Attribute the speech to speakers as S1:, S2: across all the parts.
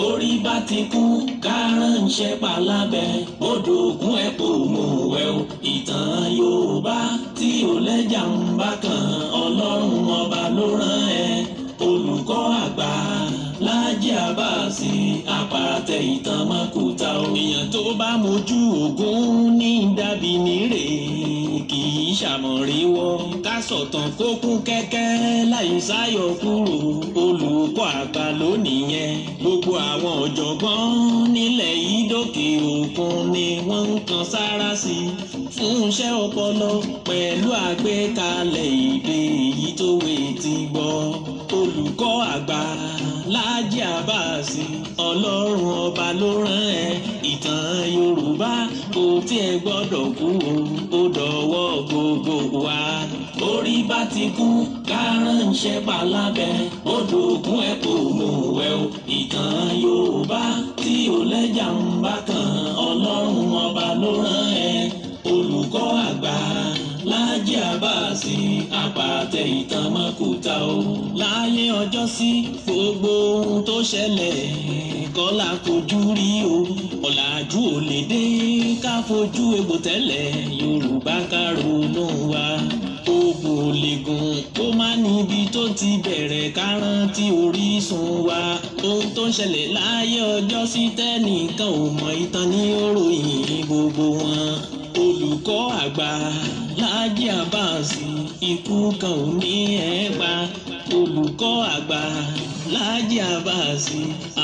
S1: borí bá ti kú kárànṣẹ́ palábẹ́ bódò ògùn ẹ̀ kò mú wẹ̀ o ìtàn Yorùbá tí ò lẹ́jà ń bá kan Ọlọ́run ọba ló rán ẹ olùkọ́ àgbà Láàjì Àbáàsì apàtẹ ìtàn mọ́kúta o èèyàn tó bá mojú ògún ní dàbí nírèé ṣàmọ̀ríwọ́ ká sọ̀tàn kó kú kẹ́kẹ́ láì sáyọ kúrò olùkọ́ àgbà lónìyẹn gbogbo àwọn ọ̀jọ̀gbọ́n nílẹ̀ yìí dókè òkun ni wọ́n ń kan sára sí fún iṣẹ́ ọpọlọ pẹ̀lú àgbékalẹ̀ èdè èyí tó wé ti gbọ́ olùkọ́ àgbà. Láàjì Àbáàsì ọlọ́run ọba ló rán ẹ ìtàn Yorùbá kò tí ẹ gbọ́dọ̀ kú o ó dọ̀wọ́ gbogbo wa. Orí bá ti kú kárànṣẹ́ pa lábẹ́ odò òkun ẹ kò mú wẹ̀ o ìtàn Yorùbá tí ò lẹ́jà ń bá kan ọlọ́run ọba ló rán ẹ olùkọ́ àgbà. Láàjì Àbáàsì àpàtẹ ìtàn mọ́kúta o. Láyé ọjọ́ sí gbogbo ohun tó ṣẹlẹ̀ kọ́lá kojú rí o. Ọ̀làjú ò lè dé ká fojú egbò tẹ́lẹ̀ Yorùbá ká ronú wa tó gbòlegun kó má níbi tó ti bẹ̀rẹ̀ ká rántí orísun wa ohun tó ń ṣẹlẹ̀ láyé ọjọ́ sí tẹ́nìkan ò mọ ìtàn ní òròyìn gbogbo wọn olùkọ́ àgbà Láàjì Abbas ikú kan ò ní ẹ pa olùkọ́ àgbà Láàjì Abbas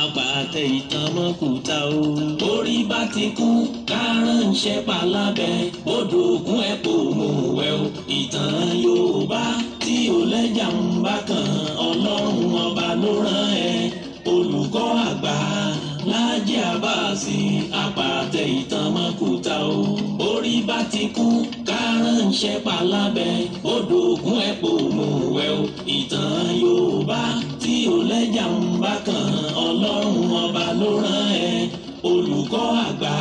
S1: apàtẹ ìtànmọ́kùtà o. orí bá ti kú kárànṣẹ́ palábẹ́ odò òkun ẹ̀ kò mú wẹ́ o ìtàn kan Yorùbá tí ò lẹ́jà ń bá kan Ọlọ́run ọba ló rán ẹ olùkọ́ àgbà Láàjì Àbáàsì apàtẹ ìtàn o orí bá ti kú kárànṣẹ́ palábẹ́ odò ògùn ẹ̀ pò mú wẹ́ o ìtàn Yorùbá tí ò ń bá kan Ọlọ́run ọba ló rán ẹ olùkọ́ àgbà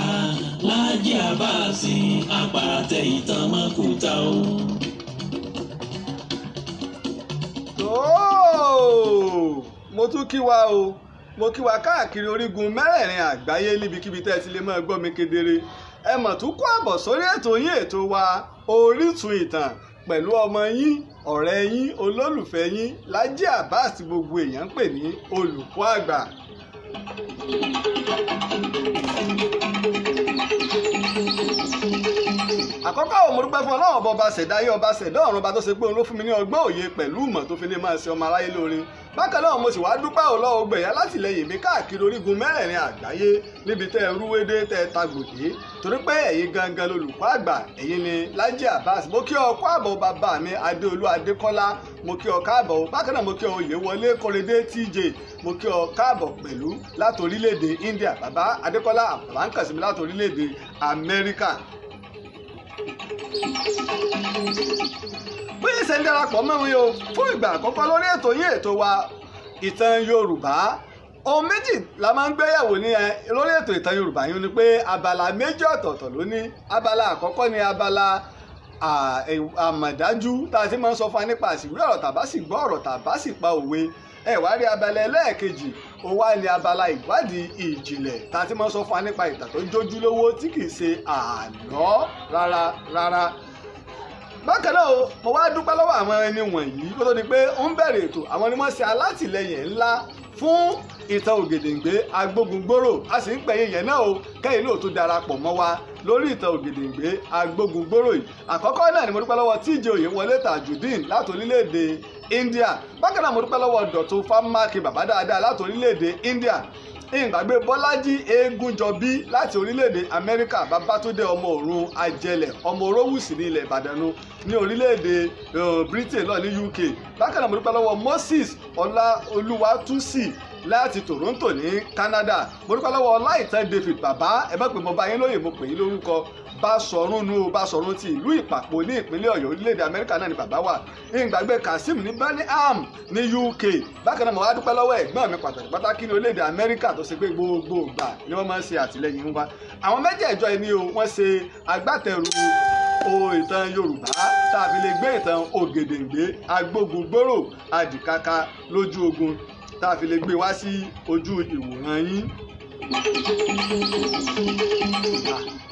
S1: Láàjì
S2: Àbáàsì apàtẹ ìtàn o. Oh! mo tún kí wa o mo kí wa káàkiri orígun mẹ́rẹ̀ẹ̀rin àgbáyé níbikíbi tẹ́ ẹ ti lè máa gbọ́ mi kedere ẹ mọ̀ tún kó àbọ̀ sórí ètò yín ètò wa Orísun Ìtàn pẹ̀lú ọmọ yín ọ̀rẹ́ yín olólùfẹ́ yín Lájí Abbas gbogbo èèyàn ń pè ní olùkọ́ àgbà. thank you àkọ́kọ́ àwọn mọ̀rúpẹ́ fún ọlọ́run ọba ọba ṣẹ̀dá ayé ọba ṣẹ̀dá ọ̀run ọba tó ṣe pé òun ló fún mi ní ọgbọ́n òye pẹ̀lú ìmọ̀ tó fi lè máa ṣe ọmọ aráyé lóore bákan náà mo sì wá dúpẹ́ ọlọ́wọ́ gbẹ̀yà látìlẹyìn mi káàkiri orígun mẹ́rẹ̀ẹ̀rin àgbáyé níbi tẹ́ ẹ rúwédé tẹ́ ẹ tagbòdì torí pé ẹ̀yin gangan lolùkọ́ àgbà ẹ̀yin ni Laji Abbas mo kí ọ kó àbọ̀ bàbá mi Adéolú Adékọ́lá mo kí ọ káàbọ̀ bákan náà mo kí ọ Oyèwọlé Kọ́rẹ́dé TJ mo kí ọ káàbọ̀ pẹ̀lú láti orílẹ̀ India bàbá Adékọ́lá àbáńkàsími láti orílẹ̀-èdè Amẹ́ríkà bí ìṣe ń darapọ̀ mọ́ mi o fún ìgbà àkọ́kọ́ lórí ètò yín ètò wa ìtàn Yorùbá ohun méjì la máa ń gbéyàwó ní lórí ètò ìtàn Yorùbá yín ni pé abala méjì ọ̀tọ̀ọ̀tọ̀ ló ní abala àkọ́kọ́ ni abala àmọ̀dájú tá a ti máa ń sọ fún wa nípa àṣìwé ọ̀rọ̀ tàbá sì gbọ́ ọ̀rọ̀ tàbá sì pa òwe ẹ wá rí abala ẹlẹ́ẹ̀kejì ó wá ní abala ìwádìí ìjìnlẹ̀ tá a ti máa sọ fún wa nípa ìtàn tó jójúlówó tí kì í ṣe àlọ́ rárá rárá bákan náà o mo wá dúpẹ́ lọ́wọ́ àwọn ẹni wọ̀nyí kó tó di pé ó ń bẹ̀rẹ̀ ètò àwọn ni wọ́n ṣe alátìlẹyìn ńlá fún ìtàn Ògèdèǹgbé agbógungbòrò a sì ń pẹ̀yìn yẹn náà o kẹ́yìn náà tó darapọ̀ mọ́ wa lórí ìtàn ògèdèǹgbé agbógungbòrò yìí àkọ́kọ́ náà ni mo dúpẹ́ lọ́wọ́ tíjẹ Oyèwọlé Tajudeen láti orílẹ̀-èdè India bákan náà mo dúpẹ́ lọ́wọ́ Dọ̀tun Fámákì bàbá dáadáa láti orílẹ̀-èdè India ìgbàgbé bọ́lájí eégúnjọbí láti orílẹ̀-èdè amẹ́ríkà babátúndé ọmọ òrun ajẹlẹ̀ ọmọ orówùsì ní ilẹ̀ ìbàdàn nu ní orílẹ̀-èdè britain lọ ní uk bákan náà mo dúpẹ́ lọ́wọ́ moses ọláolúwatúsì láti toronto ní canada mo dúpẹ́ lọ́wọ́ ọláìtàn david bàbá ẹ bá pè mọ́ báyìí lóye mo pè yín lórúkọ Basọ̀run nu Basọ̀run ti ìlú Ìpàpọ̀ ní ìpínlẹ̀ Ọ̀yọ́ orílẹ̀-èdè Amẹ́ríkà náà ni bàbá wà ìgbàgbé Kazeem ní Birmingham ní UK bákan náà mo wá dúpẹ́ lọ́wọ́ ẹ̀gbọ́n mi pàtàkì pàtàkì ní orílẹ̀-èdè Amẹ́ríkà tó ṣe pé gbogbo ìgbà ni wọ́n máa ń ṣe àtìlẹ́yìn wa àwọn mẹ́jẹ̀ẹ̀jọ ẹni o wọ́n ṣe agbátẹrù o ìtàn yorùbá tàbí lè gbé ìtàn ògèdèǹgbé agbógungbòrò àdìkáká lójú ogun tàbí lè gbé wá sí ojú ìwòran yín Ah,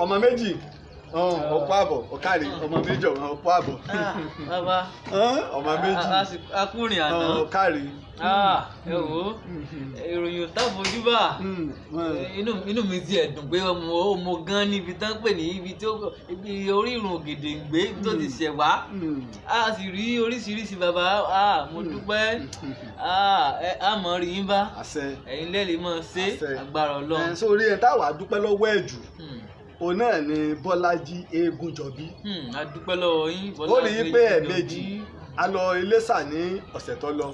S2: ọmọ méjì ọ̀pọ̀ àbọ̀ ọ̀kàrí ọmọ méjì ọ̀ràn ọ̀pọ̀ àbọ̀.
S3: Ah,
S4: bàbá ọmọ ah, méjì akúrin ah, àná ọ̀kàrí. Oh, ẹ wo ìròyìn òtàfojúbà hmm, eh, inú mi ti ẹ̀dùn pé mo gan níbi tán pè ní ibi tí orí ìrùn ògèdèǹgbé tó ti hmm. ṣẹ̀ wá hmm. a sì rí oríṣiríṣi bàbá mo dúpẹ́ a mọ̀ rí yín bá ẹ̀yin lẹ́ẹ̀lì mọ̀ ṣe agbára ọlọ́run. Eh,
S2: sórí ẹ̀ táwa dúpẹ́ lọ́wọ́ ẹ̀ jù òun náà ni bọ́lájí eégúnjọbí. Hmm,
S4: a dúpẹ́ lọ́wọ́ yín bọ́lájí eégúnjọbí. ó rí i pé
S2: ẹ̀ẹ̀mejì a lọ iléṣà ní ọ̀sẹ̀ tó lọ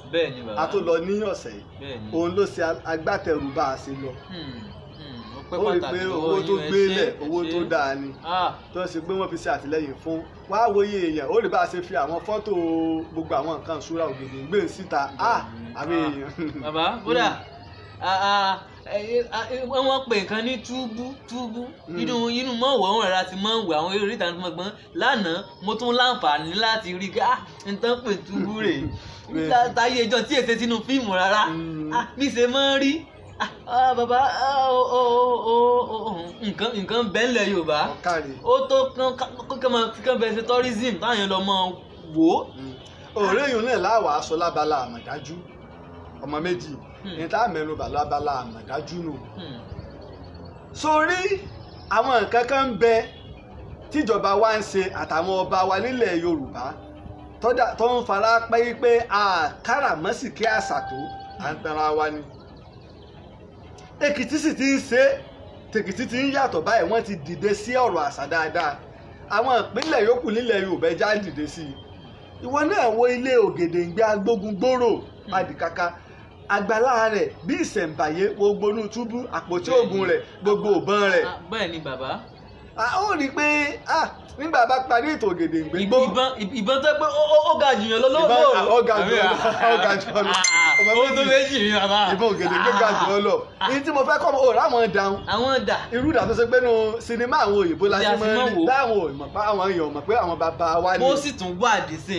S2: a tó lọ ní ọ̀sẹ̀ yìí òun ló ṣe agbátẹrù bá a ṣe lọ
S3: hmm,
S4: hmm,
S2: ó rí i pé owó tó gbélẹ̀ owó tó dáa ni ah. tó ṣe pé wọ́n fi ṣe àtìlẹ́yìn fún wàá wòye èèyàn ó rí bá a ṣe fi àwọn fọ́tò gbogbo àwọn nǹkan ìṣúra ògèdè gbé e síta ah, àwọn ah. èèyàn.
S4: bàbá kódà wọ́n pè nǹkan ní túbú túbú hmm. inú inú mọ́ wọ́ wọn rà ti mọ́ wẹ̀ àwọn eré ìtàn tó mọ̀ gbọ́n lánàá mo tún láǹfààní láti rí ká ah, n tán pè túbú rè
S1: hmm.
S4: táyé ẹjọ́ tí èsè sínú fíìmù rárá mi hmm. ah, ṣe mọ́ rí ah, bàbá oh, oh, oh, nǹkan nǹkan bẹ́ńlẹ̀ Yorùbá ó tó kán bẹ́ẹ̀ ṣe tourism táwọn yẹn lọ mọ́ wò.
S2: òòrè yìí náà láwàá aṣọ lábala àmọ̀dájú ọmọ méjì Hmm. ní tá a mẹ́nu bàlábàlá àmọ̀dájú nù. Hmm. sórí àwọn nǹkan kan ń bẹ tíjọba wa ń ṣe àtàwọn ọba wa nílẹ̀ yorùbá tó ń fara pẹ́ pé àkàràmọ́sìkí àṣà tó à ń tanra wa ni. èkìtì sì ti ń ṣe tèkìtì ti ń yàtọ̀ báyìí wọ́n ti dìde sí ọ̀rọ̀ àṣà dáadáa àwọn ìpínlẹ̀ yòókù nílẹ̀ yorùbá já dìde sí i ìwọ náà wo ilé ògèdèǹgbẹ agbógun gbòòrò hmm. adìkaka. Hmm àgbàlá rẹ̀ bí ìṣẹ̀ǹbáyé gbogbo onú túbú àpótí òògùn rẹ̀ gbogbo ìbọn rẹ̀. Ah, bẹ́ẹ̀ ni ó rí i pé nígbà bá parí ètò Ògèdèngbé. ìbọn ìbọn tó
S4: pé ó ga jù yàn lọ́lọ́ lọ́rọ̀. ó ga jù yàn ó ga jù yàn lọ. ó tó méjì ní bàbá. ìbọn Ògèdèngbé ga jù yàn lọ.
S2: èyí tí mo fẹ́ kọ́ ọ láwọn dáhùn. àwọn dà. irú ìdà tó ṣe pé nu sinimá àwọn òyìnbó la ṣe máa ń rí láwọn òyìnbó pa àwọn èèyàn mọ̀ pé àwọn bàbá wa ni. mo sì tún wà dísè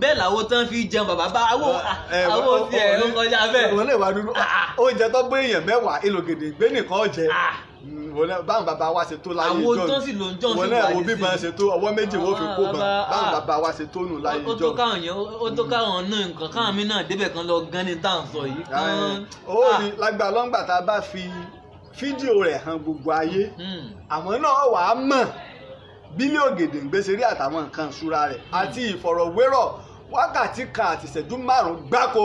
S4: bẹ́ẹ̀ làwọn tán fi jẹun bàbá bá àwọn àwọn
S2: òsì ẹ̀ wọn náà báwọn bàbá wa ṣe tó láyé ìjọ àwọn tó sì lò ń jọ sí wàdí sí wọn náà ṣe tó ọwọ́ méjì wọn fi kó bọ báwọn bàbá wa ṣe tó nù
S4: láyé ìjọ. ó tó káwọn yẹn ó tó káwọn náà nǹkan káwọn mi náà débẹ̀ kan lọ gan ni tá à ń sọ yìí.
S2: ó ní ah. lágbà lọ́ngbà tá a bá fi fídíò rẹ̀ hàn gbogbo ayé hmm. àmọ́ náà wà á mọ̀ bílẹ̀ ògèdè ń gbèsè rí àtàwọn nǹkan ìṣúra rẹ̀ hmm. àti ìfọ̀rọ̀wérọ̀ wákàtí kan àtìṣẹ́jú márùn-ún gbáko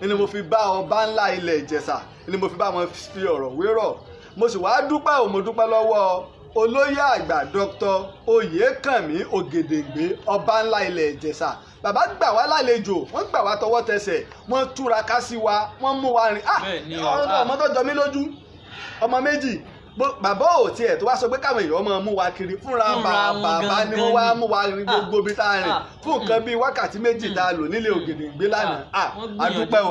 S2: ni mo fi bá ọba ńlá ilẹ̀ Ìjẹ̀ṣà ni mo fi bá wọn fi ọ̀rọ̀ wérọ̀ mo sì wá dúpẹ́ ò mo dúpẹ́ lọ́wọ́ olóyè àgbà dr oyèkànmí ògèdèǹgbé ọba ńlá ilẹ̀ ìjẹ̀ṣà bàbá gbà wá lálejò wọ́n gbà wá tọwọ́ tẹsẹ̀ wọ́n túra ká sí wa wọ́n mú wa rìn
S4: ah, ah. ọmọ
S2: tó jọ mí lójú ọmọ méjì bàbá ò tiẹ̀ tó wá sọ pé káwọn èèyàn máa mú wa kiri fúnra bàbá ni wọ́n wá mú wa rin ah, gbogbo ibi tá a rìn ah, fún nǹkan bíi wákàtí méjì tá a lò nílé Ògìdìngbé ah, lánàá àdúpẹ́ o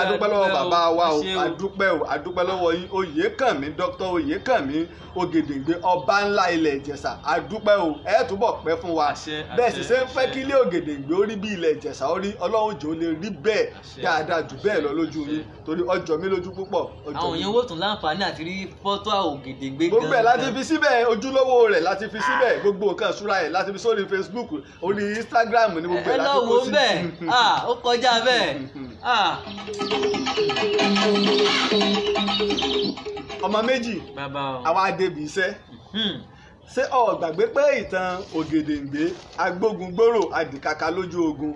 S2: àdúpẹ́ lọ́wọ́ bàbá wa o àdúpẹ́ o àdúpẹ́ lọ́wọ́ Oyèkànmí Dr. Oyèkànmí Ògìdìngbé ọba ńlá ilẹ̀ Ìjẹ̀ṣà àdúpẹ́ o ẹ̀ túbọ̀ pẹ́ fún wa bẹ́ẹ̀ sì ṣe ń fẹ́ kí ilé Ògìdìngbé ó rí bí ilẹ̀ Ìjẹ̀ṣà ó rí Ọlọ́run jò lè rí bẹ́ẹ̀ dáadáa jù bẹ́ẹ̀ lọ lójú yín torí ọjọ́ mi lójú púpọ̀ ọjọ́ mi. àwọn èèyàn
S4: wò tún láǹfààní àti rí fọ́tò ìṣúra ògèdègbé gan. gbogbo ẹ̀ láti fi
S2: síbẹ̀ ojúlówó rẹ̀ láti fi síbẹ̀ gbogbo nǹkan ìṣúra ẹ̀ láti fi sórí Facebook orí Instagram ni gbogbo ẹ̀ láti kó sí. ẹ lọ wo bẹ́ẹ̀
S3: ó kọjá bẹ́ẹ̀.
S2: ọmọ méjì àwa débi iṣẹ́. Hmm ṣé o gbàgbé pé ìtàn ògèdèǹgbé agbógungbòrò àdìkàkà lójú ogun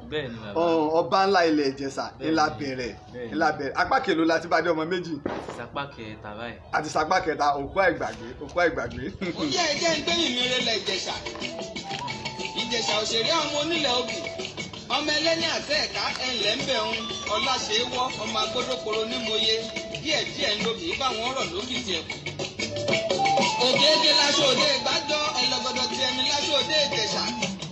S2: ọba ńlá ilẹ̀ ìjẹ̀ṣà ńlá bẹ̀rẹ̀ ńlá bẹ̀rẹ̀ apá kèlò láti bá dé ọmọ méjì. àti
S4: sapá kẹta báyìí.
S2: àti sapá kẹta òkú àìgbàgbé òkú àìgbàgbé. ó jẹ́ ẹjẹ́ ń gbẹ̀yìn mi rẹ̀ lẹ̀ ìjẹ̀ṣà òṣèré ọmọ onílẹ̀ obì ọmọ ẹlẹ́ni àti ẹ̀ka ẹ̀ńlẹ̀ ń bẹ̀ ń ọláṣẹ́wọ́ ọmọ agbódòkoro nímòye díẹ̀díẹ̀ ń lobì báwọn ọ̀rọ̀ lókìtì ẹ̀kọ́ ògèègè laṣọ òde ìgbàjọ ẹlọgọdọ ti ẹni láṣọ òde ìjẹ̀ṣà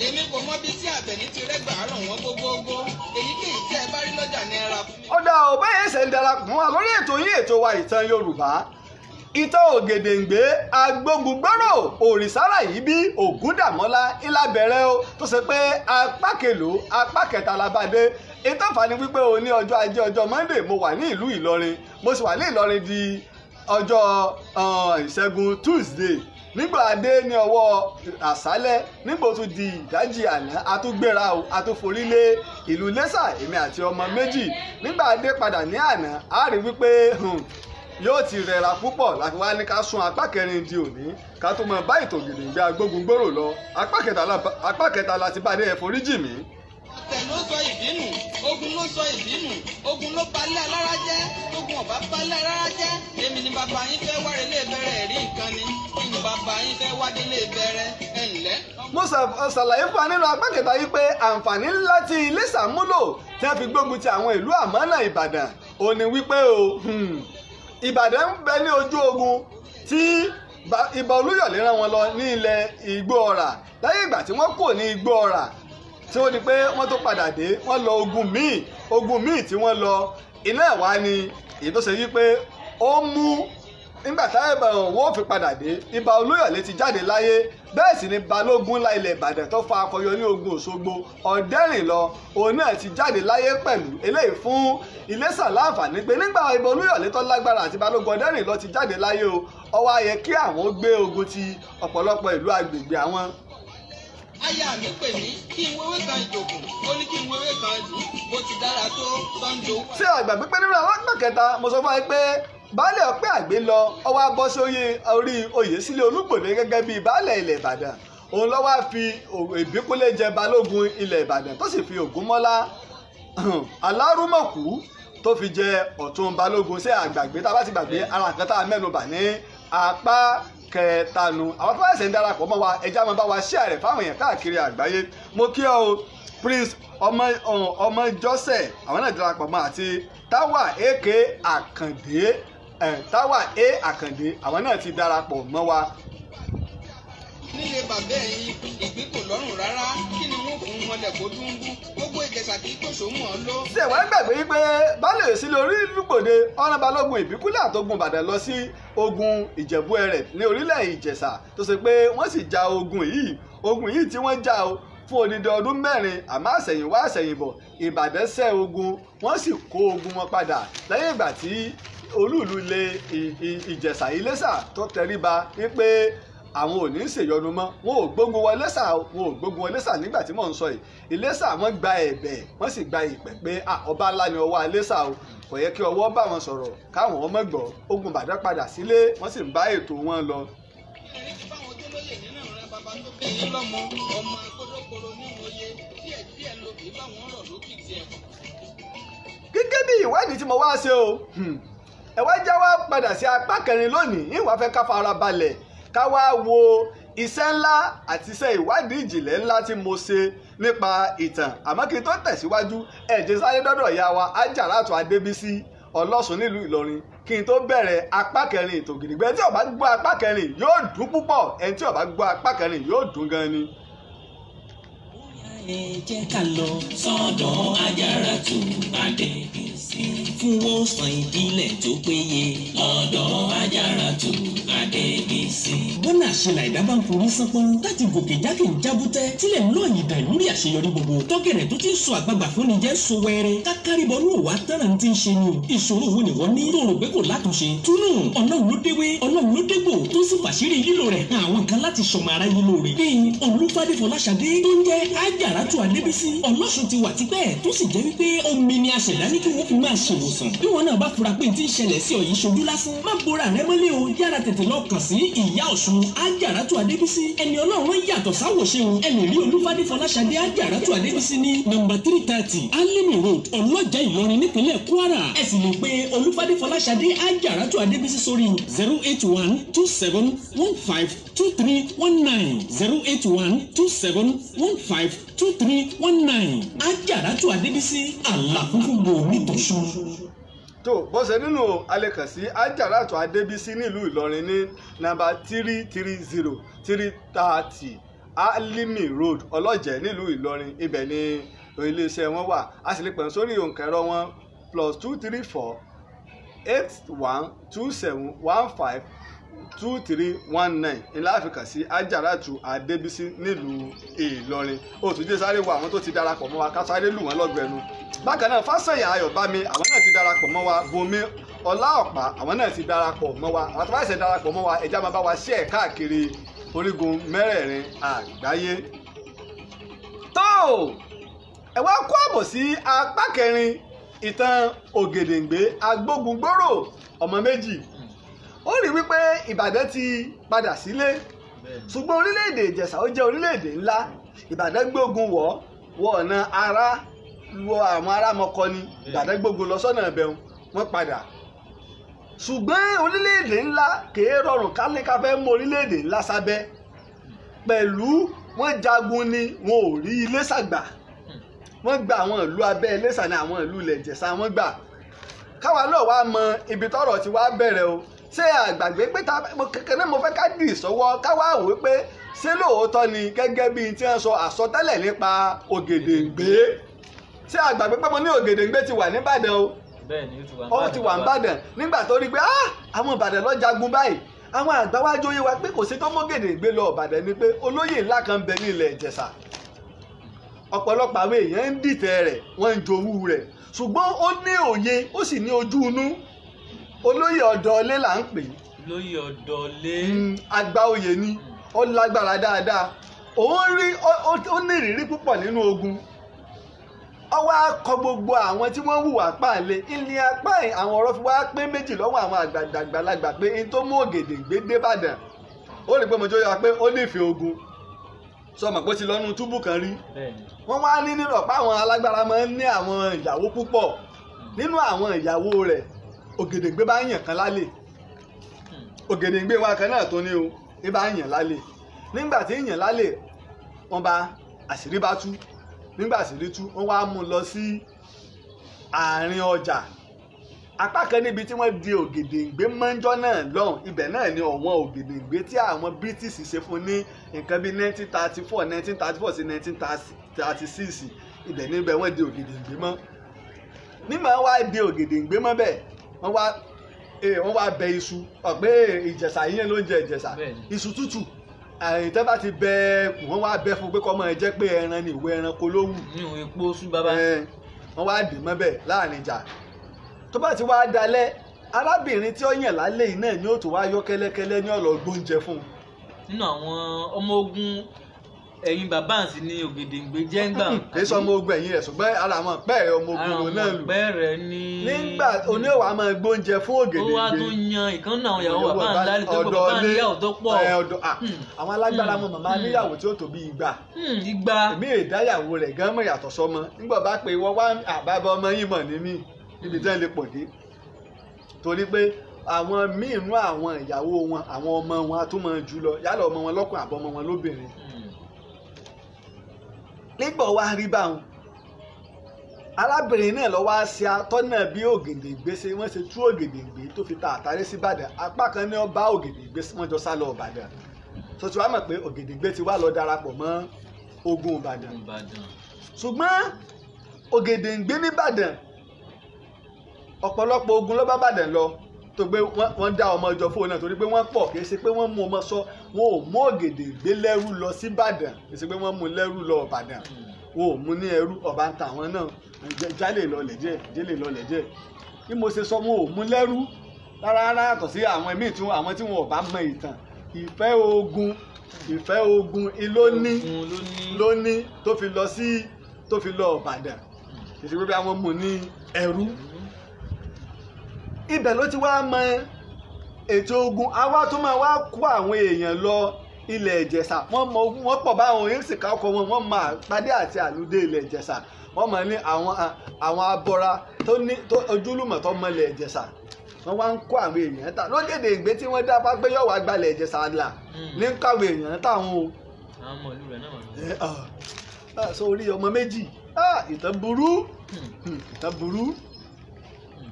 S2: èmi kò mọ bí tí àbẹ̀ní ti rẹ́gbà ràn wọ́n gbogbogbò èyíkéyìí tí ẹ bá rí lọ́jà ní fún mi. ó dá o bẹ́ẹ̀ ṣe ń darapọ̀ mọ́ wa lórí ètò yín ètò wa ìtàn Yorùbá ìtàn ògèdèǹgbé agbóngbògbòrò òrìṣàrà yìí bí ògúndàmọ́lá ńlá bẹ̀rẹ̀ tó ṣe pé apá kèlò apá kẹta labadé ìtàn fani wípé o ní ọjọ́ ajé ọjọ́ Monday mo wà ní ìlú Ìlọrin mo sì wà ní Ìlọrin di ọjọ́ uh, ìṣẹ́gun Tuesday nígbà dé ní ọwọ́ àṣálẹ́ nígbà tó di ìdájí àná atúgbéra o atúforí lé ìlú Iléṣà èmi àti ọmọ méjì nígbà dé padà ní àná a rí wípé hmm, yóò ti rẹra púpọ̀ láti wá ní ká sún apá kẹrin di òní ká tó mọ bá ètò gidi gbé agbógun gbòòrò lọ apá kẹta la ti bá dé ẹ foríjì mi ọ̀tẹ̀ ló sọ ìdínù ogun ló sọ ìdínù ogun ló balẹ̀ alára jẹ́ tógun ọ̀bá balẹ̀ alára jẹ́ èmi ni bàbá yín fẹ́ wá relé bẹ̀rẹ̀ rí nǹkan ni ìyìn bàbá yín fẹ́ wá délé bẹ̀rẹ̀ ẹ̀ ǹlẹ́. mo ṣàlàyé fún wa nínú apá kẹta yìí pé àǹfààní ńlá tí ilé ṣàmúlò tí wọ́n fi gbógun ti àwọn ìlú àmọ́nà ìbàdàn ò wípé o hmm, ìbàdàn ń bẹ ní ojú ogun tí ìbà olúyọ̀lé rán wọn lọ ní ilẹ̀ igbó ọ̀rà láyé ìgbà tí wọ́n kò ní igbó ọ̀rà tí wọ́n di pé wọ́n tó padà dé wọ́n lọ ogun míì ogun míì tí wọ́n lọ iná ẹ̀wá ni èyí tó ṣe yí pé ó mú nígbà táwọn ìbàdàn wọ́n fi padà dé ibà olóyọ̀lé ti jáde láyé bẹ́ẹ̀ sì ni balógun ńlá ilẹ̀ ìbàdàn tó fa akọyọ ní ogun òṣogbo ọ̀dẹ́rìnlọ òun náà ti jáde láyé pẹ̀lú eléyìí fún iléṣà láǹfààní pé nígbà ibà olóyọ̀lé tó lágbára àti balógun ọ̀dẹ́rìnlọ ti jáde láyé o ó wá kí àwọn gbé ogun ti ọ̀pọ̀lọpọ̀ ìlú agbègbè àwọn aya mi pè mí kí n wéwé kan
S3: ìjòkùn ó ní kí n wéwé kan ìdùn mo ti dára tó
S2: sọ́njò. ṣé àgbà pípẹ́ nínú àwọn ọgbà kẹta mo sọ fún ẹ pé baálẹ̀ ọpẹ́ àgbẹ̀ lọ ọwọ́ abọ́ sórí orí oyè sílé olúgbòde gẹ́gẹ́ bíi baálẹ̀ ilẹ̀ ìbàdàn òun lọ́wọ́ fi ìbíkúlé jẹ balógun ilẹ̀ ìbàdàn tó sì fi ògúnmọ́lá alárùmọ̀kú tó fi jẹ ọ̀tún balógun sí àgbàgbé tá a bá ti gbàgbé ara kan tá a mẹ́nu bà ní apá kẹta nu àwọn tó bá ṣẹ̀ ń darapọ̀ mọ́ wa ẹja máa bá wa share rẹ̀ fáwọn èèyàn káàkiri àgbáyé mo kí ọ o prince ọmọ ọmọ jọ́sẹ̀ àwọn náà darapọ̀ mọ́ àti táwà èké àkàndé táwà é àkàndé àwọn náà ti darapọ̀ mọ́ wa nílé bàbá ẹ̀yìn ìgbín kò lọ́rùn rárá kí ni wọ́n fún wọn lẹ̀ ó ṣèwá gbàgbé pé baálé sílé orí lùgbòde ọ̀ràn balógun ìbíkúlẹ̀ àtògùn ìbàdàn lọ sí ogun ìjẹ̀bú ẹrẹ̀ ní orílẹ̀ ìjẹ̀ṣà tó ṣe pé wọ́n sì ja ogun yìí ogun yìí tí wọ́n ja o fún odidi ọdún mẹ́rin àmọ́ àṣẹ̀yìnwá àṣẹ̀yìnbọ̀ ìbàdàn ṣẹ́ ogun wọ́n sì kó ogun wọn padà lẹ́yìn ìgbà tí olúùlú ilé ìjẹ̀ṣà iléṣà tó tẹríba wípé àwọn ò ní í ṣèyọnu mọ́ wọn ò gbógun wọ Iléṣà wọn ò gbógun wọ Iléṣà nígbà tí mò ń sọ yìí Iléṣà wọn gba ẹ̀bẹ̀ wọn sì gba ìpè pé ọba ńlá ni ọwọ́ Iléṣà o kò yẹ kí ọwọ́ bá wọn sọ̀rọ̀ káwọn ọmọ gbọ́ ogun bàdá padà sílé wọ́n sì ń bá ètò wọn lọ. gẹ́gẹ́ bí ìwádìí tí mo wá ṣe o hmm, ẹ wá já wá padà sí apá kẹrin lónìí ìwà fẹ́ ká fara balẹ̀ ká wá wo iṣẹ́ ńlá àti iṣẹ́ ìwádìí ìjìnlẹ̀ ńlá tí mo ṣe nípa ìtàn àmọ́ kí n tó tẹ̀síwájú ẹ̀jẹ̀ sáré dọ́dọ̀ ìyá wa Ajaratu Adébísí ọlọ́sùn nílùú Ìlọrin kí n tó bẹ̀rẹ̀ apá kẹrin ètò gidigbẹ́ tí ó bá gbọ́ apá kẹrin yóò dùn púpọ̀ ẹni tí ó gbọ́ apá kẹrin yóò dùn gan ni.
S1: ẹ jẹ́ ká lọ sọ́dọ̀ Ajaratu Adébísí fún wòsàn ìbílẹ̀ tó péye. ọ̀dọ̀ ajára tù adébísí. bọ́nà àṣelà ẹ̀dá bá ń forí sánpọ́n láti gòkè jákè ń jábútẹ́ tílẹ̀ ń lọ àyìndà lórí àṣeyọrí gbogbo tọ́kẹ̀rẹ̀ tó ti ń sọ àgbàgbà fún ni jẹ́ so wẹ́rẹ́ kákárìbọ̀ ní òwà tẹ́ràn ti ń ṣe ni ìṣòro wo ni wọ́n ní tó rò pé kò látúnṣe túnú ọlọ́run ló déwé ọlọ́run ló dégbò tó sì fàṣírí lílo rẹ̀ àwọn kan láti sọmọ ara yìí lóore bíi olúfadé fọláṣadé tó ń jẹ́ ajaratu adébísí ọlọ́sùn ti wà tipẹ́ tó sì jẹ́ wípé omi ni àṣẹ̀dá ní kí wọ́n fi m máa ṣèwòsàn bí wọn náà bá fura pé tí ń ṣẹlẹ̀ sí ọ ṣojú lásán má bora rẹ mọ́lẹ̀ o yára tètè lọ kàn sí ìyá ọ̀ṣun ajaratu adébísí ẹni ọlọ́run yàtọ̀ sáwòṣeun ẹni rí olúfadé fọláṣadé ajaratu adébísí ní nọ́mbà three thirty alimi road ọlọ́jà ìlọrin nípínlẹ̀ kwara ẹ sì lè pe olúfadé fọláṣadé ajaratu adébísí sórí zero eight one two seven one five two three one nine zero eight one two seven one five two three one nine Ajara ajaratu adébísí àlàkúnfúnbo nítòsùn. tó bó ṣe
S2: nínú alẹ́ kàn sí ajaratu adébísí nílùú ìlọrin ní nàmbà three three zero three thirty alimi road ọlọ́jẹ̀ nílùú ìlọrin ibẹ̀ ni iléeṣẹ́ wọn wà a sì lè pẹ̀lú sórí òǹkà wọn plus two three four eight one two seven one five two three one nine ilé àfikà sí ajaratu adébísí nílùú ìlọrin òtúndé sáré wo àwọn tó ti darapọ̀ mọ́ wa ká sáré lù wọ́n lọ́gbẹ̀ẹ́nu bákan náà fásẹ̀yà ayọ̀bámi àwọn náà ti darapọ̀ mọ́ wa bomi ọláọ̀pá àwọn náà ti darapọ̀ mọ́ wa àwọn tó bá ṣẹ̀ darapọ̀ mọ́ wa ẹ̀já máa bá wa ṣí ẹ̀ káàkiri orígun mẹ́rẹ̀ẹ̀rin àgbáyé. tó ẹ wá kó àbọ̀ sí apá kẹrin ìtàn ògèdèǹgbé agbógungbòrò ọmọ méjì ó rí wípé ìbàdàn ti padà sílé ṣùgbọ́n orílẹ̀-èdè ìjẹ̀ṣà ó jẹ́ orílẹ̀-èdè ńlá ìbàdàn gbógun wọ̀ wọ ọ̀nà ara wọ àwọn arámọkọ ni ìbàdàn gbógun lọ sọ́nà ẹ̀bẹ̀ wọn padà ṣùgbọ́n orílẹ̀-èdè ńlá kèé rọrùn kálí ká fẹ́ mú orílẹ̀-èdè ńlá sábẹ́ pẹ̀lú wọ́n jagun ni wọn ò rí ilé ṣàgbà wọ́n gba àwọn ìlú abẹ́ Iléṣà ní àwọn ìlú ilẹ̀ Ìjẹ̀ṣà wọ́n gbà káwa náà wá mọ ibi tọ́rọ̀ ti wá bẹ̀rẹ̀ o ṣé àgbàgbé pé kankan náà mo fẹ́ ká dì sọ́wọ́ ká wá wò pé ṣé lóòótọ́ ni gẹ́gẹ́ bíi tí wọ́n sọ àsọtẹ́lẹ̀ nípa ògèdèǹgbé ṣé àgbàgbé pé mo ní ògèdèǹgbé ti wà níbàdàn o
S4: ó ti wà níbàdàn
S2: nígbà tó rí pé àwọn ìbàdàn lọ jagun báyìí àwọn àgbáwájú yé wa pé kò sí tó mọ́gèdèǹgbé lọ ìbàdàn ni pé olóyè ńlá kan bẹ ní ilẹ̀ ìjẹ̀ṣà ọ̀pọ̀lọpọ̀ àwọn èèyàn ń dìtẹ̀ rẹ̀ wọ́n ń jowú rẹ̀ ṣùgbọ́n ó ní òye ó sì ní ojú inú olóyè ọ̀dọ́ọ̀lé là ń pè é. olóyè ọ̀dọ́ọ̀lé. Mm, àgbà oyè ni ó lágbára dáadáa òun rí ó ní ìrírí púpọ̀ nínú ogun ó wá kọ gbogbo àwọn tí wọ́n hùwà páàlẹ́ ilé apá àwọn ọ̀rọ̀ fi wá pé méjì lọ́wọ́ àwọn àgbàlagbà pé n tó mú ògèdè gbé débàdàn ó rí pé mo jọ yọ pé ó nífẹ̀ẹ́ ogun sọmọ pé ó ti lọ́nu túbú kan rí wọ́n wá ní nírọ̀ pé àwọn alágbára máa ń ní àwọn ìyàwó púpọ̀ nínú àwọn ìyàwó rẹ̀ ògèdèǹgbé bá yàn kan lálẹ́ ògèdèǹgbé wa kan náà tó ní o ẹ bá yàn lálẹ́ nígbà tí yàn lálẹ́ wọ́n bá àṣírí bá tú nígbà àṣírí tú wọ́n wá mú un lọ sí àárín ọjà apá kan níbi tí wọ́n di ògèdèǹgbé mọ́jọ́ náà lọ́hùn ibẹ̀ náà ni ọ̀wọ́n ògèdèǹgbé tí àwọn british ṣe fún ní nǹkan bíi 1934 1934 sí 1936 ibẹ̀ níbẹ̀ wọ́n di ògèdèǹgbé mọ́ nígbà wọ́n wá di ògèdèǹgbé mọ́ bẹ́ẹ̀ wọ́n wá eh, wọ́n wá bẹ iṣu ọ̀pẹ́ eh, ìjẹ̀ṣà yíyan ló ń jẹ ìjẹ̀ṣà iṣu tútù àyìntẹ́ bá ti bẹ kù wọ́n wá bẹ fún pé kọ́ máa jẹ́ pé ẹran ni ìwé ẹranko ló wù. epo sùn bàbá. wọ́n wá dì mọ́ bẹ́ẹ̀ láàrin ìjà tó bá ti wá dalẹ̀ arábìnrin tí ó yàn lálẹ́ yìí náà ni ó tún wá yọ kẹ́lẹ́kẹ́lẹ́ ní ọ̀lọ́ gbóúnjẹ fún un.
S4: nínú àwọn ọmọ ogun ẹ̀yin bàbá àǹsí ni Ògèdèngbé jẹ́ ń gbà. Hmm, kì í sọ ọmọ
S2: ogun ẹ̀yìn rẹ̀ ṣùgbọ́n ara mọ̀ pẹ́ rẹ̀ ọmọ ogun lò náà lù.
S4: pẹ́ rẹ̀ ni. nígbà oní òwà máa
S2: gbóúnjẹ fún Ògèdèngbé. ó wá tó yan ìkànnà àwọn ìyàwó bàbá ńlá ní tó bàbá níyàwó tó pọ̀. Ah, hmm. àwọn alágbára hmm. mọ màmá níyàwó tí ó tó bí igba. igba. èmi ìdáyàwó rẹ̀ gan mọ̀ yàtọ̀ sọmọ nígbà bá pé wọ́n wá àbábọ̀ ọmọ yìí mọ̀ ní mí níbi tẹ́ lè pọ̀ dé torí pé àwọn míì nú àwọn ìyàwó wọn àwọn ọmọ wọn a tún mọ jù lọ yálà ọmọ wọn lọ́kùnrin àbọ̀mọ wọn lóbìnrin nígbà wá rí báwọn arábìnrin náà lọ́wọ́ ṣe atọ́nà bí ògèdèǹgbé ṣe wọ́n ṣe tú ògèdèǹgbé tó fi ta àtàrí sí ìbàdàn apá kan ní ọba ògèdèǹgbé wọ́n jọ sá lọ ìbàdàn tó ti mọ̀ pé ògèdèǹgbé ti wá lọ darapọ̀ mọ́ ogun ìbàdàn ṣùgbọ́n ògèdèǹgbé nìbàdàn ọ̀pọ̀lọpọ̀ ogun ló bá bàdàn lọ tó pé wọ́n dá ọmọ ìjọ fóun náà torí pé wọ́n pọ̀ kì í ṣe pé wọ́n mú ọmọ sọ wọn ò mú ògèdè gbé lẹ́rú lọ sí ìbàdàn kì í ṣe pé wọ́n mú lẹ́rú lọ ìbàdàn wọn ò mú ní ẹrú ọ̀bá ń ta àwọn náà jálè lọlẹ̀ díẹ̀ jálè lọlẹ̀ díẹ̀ bí mo ṣe sọ wọn ò mú lẹ́rú rárá rárá yàtọ̀ sí àwọn míì tí àwọn tí wọn ò bá mọ ìtàn ìfẹ́ ogun ìfẹ́ ogun ilóní lóní tó fi lọ sí tó fi lọ ìbàdàn kì í ṣe pé àwọn mú ní ẹrú ibẹ̀ ló ti wá mọ ètò ogun àwa tó máa wá kó àwọn èèyàn lọ ilẹ̀ ìjẹ̀ṣà wọ́n mọ wọ́n pọ̀ báwọn yóò sì kákọ́ wọn wọ́n máa pàdé àti àlùdé ilẹ̀ ìjẹ̀ṣà wọ́n máa ní àwọn àwọn abọ́ra tó ní tó ojúlùmọ̀ tó mọ ilẹ̀ ìjẹ̀ṣà wọ́n wá ń kó àwọn èèyàn ta lójèdè ìgbé tí wọ́n dá pápẹ́ yọ̀wá gbalẹ̀ ìjẹ̀ṣà là hmm. ní káwọn èèyàn táwọn o. àwọn
S4: ọmọ ìlú rẹ náà wà.
S2: Ah, ah, sórí ọmọ méjì ah, ìtàn burú hmm. Hmm, ìtàn burú.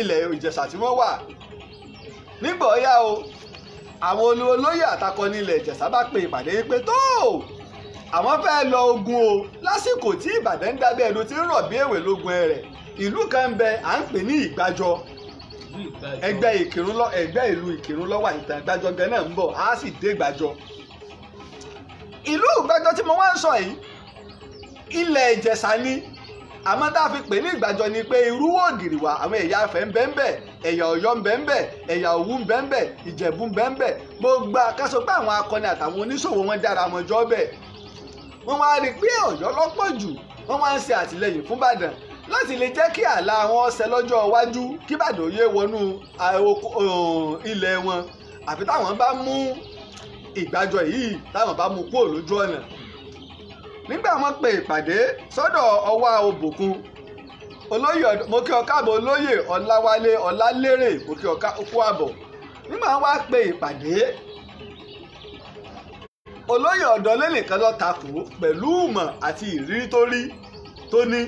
S2: ilẹ̀ ìjẹ̀ṣà tí wọ́n wà nígbà ọ̀yá o àwọn olóyè àtakọni ilẹ̀ ìjẹ̀ṣà bá pe ìpàdé yìí pé tó àwọn fẹ́ lọ ogun o lásìkò tí ìbàdàn ń dábẹ́ ẹ̀dùn tí ń rọ̀ bí èwe lógun ẹ̀rẹ̀ ìlú kan ń bẹ à ń pè ní ìgbàjọ ẹgbẹ́ ìkírun lọ ẹgbẹ́ ìlú ìkírun lọ́wọ́ ìtàn ìgbàjọ gan náà ń bọ̀ á sì dé ìgbàjọ ìlú ìgbàjọ tí mo wá ń sọ yìí ilẹ̀ ìjẹ̀ṣà ni àmọ́ tá a fi pè ní ìgbàjọ ni pé irú ògìrì wa àwọn ẹ̀yà afẹ́ ń bẹ́ńbẹ́ ẹ̀yà ọ̀yọ́ ń bẹ́ńbẹ́ ẹ̀yà òwú ń bẹ́ńbẹ́ ìjẹ̀bú ń bẹ́ńbẹ́ gbogbo àkàsọ pé àwọn akọni àtàwọn oníṣòwò wọn dára wọn jọ bẹ́ẹ̀ wọ́n wá rí i pé ọ̀yọ́ lọ́pọ̀ jù wọ́n wá ń ṣe àtìlẹ́yìn fún Ìbàdàn láti lè jẹ́ kí àlà wọn ṣẹ lọ́jọ́ iwájú kí Ìbàdàn yé wọnú ilẹ̀ wọn àfi táwọn bá mú ìgbàjọ yìí táwọn bá mú kúrò lójú ọ̀nà nígbà wọ́n pe ìpàdé sọ́dọ̀ ọwá òbòkun olóyè mo kí ọ káàbọ̀ olóyè ọláwálé ọlálérè mo kí ọ kú àbọ̀ nígbà wọ́n wá pe ìpàdé olóyè ọ̀dọ́ lẹ́nìkan lọ takò pẹ̀lú ìmọ̀ àti ìrírí tó rí tó ní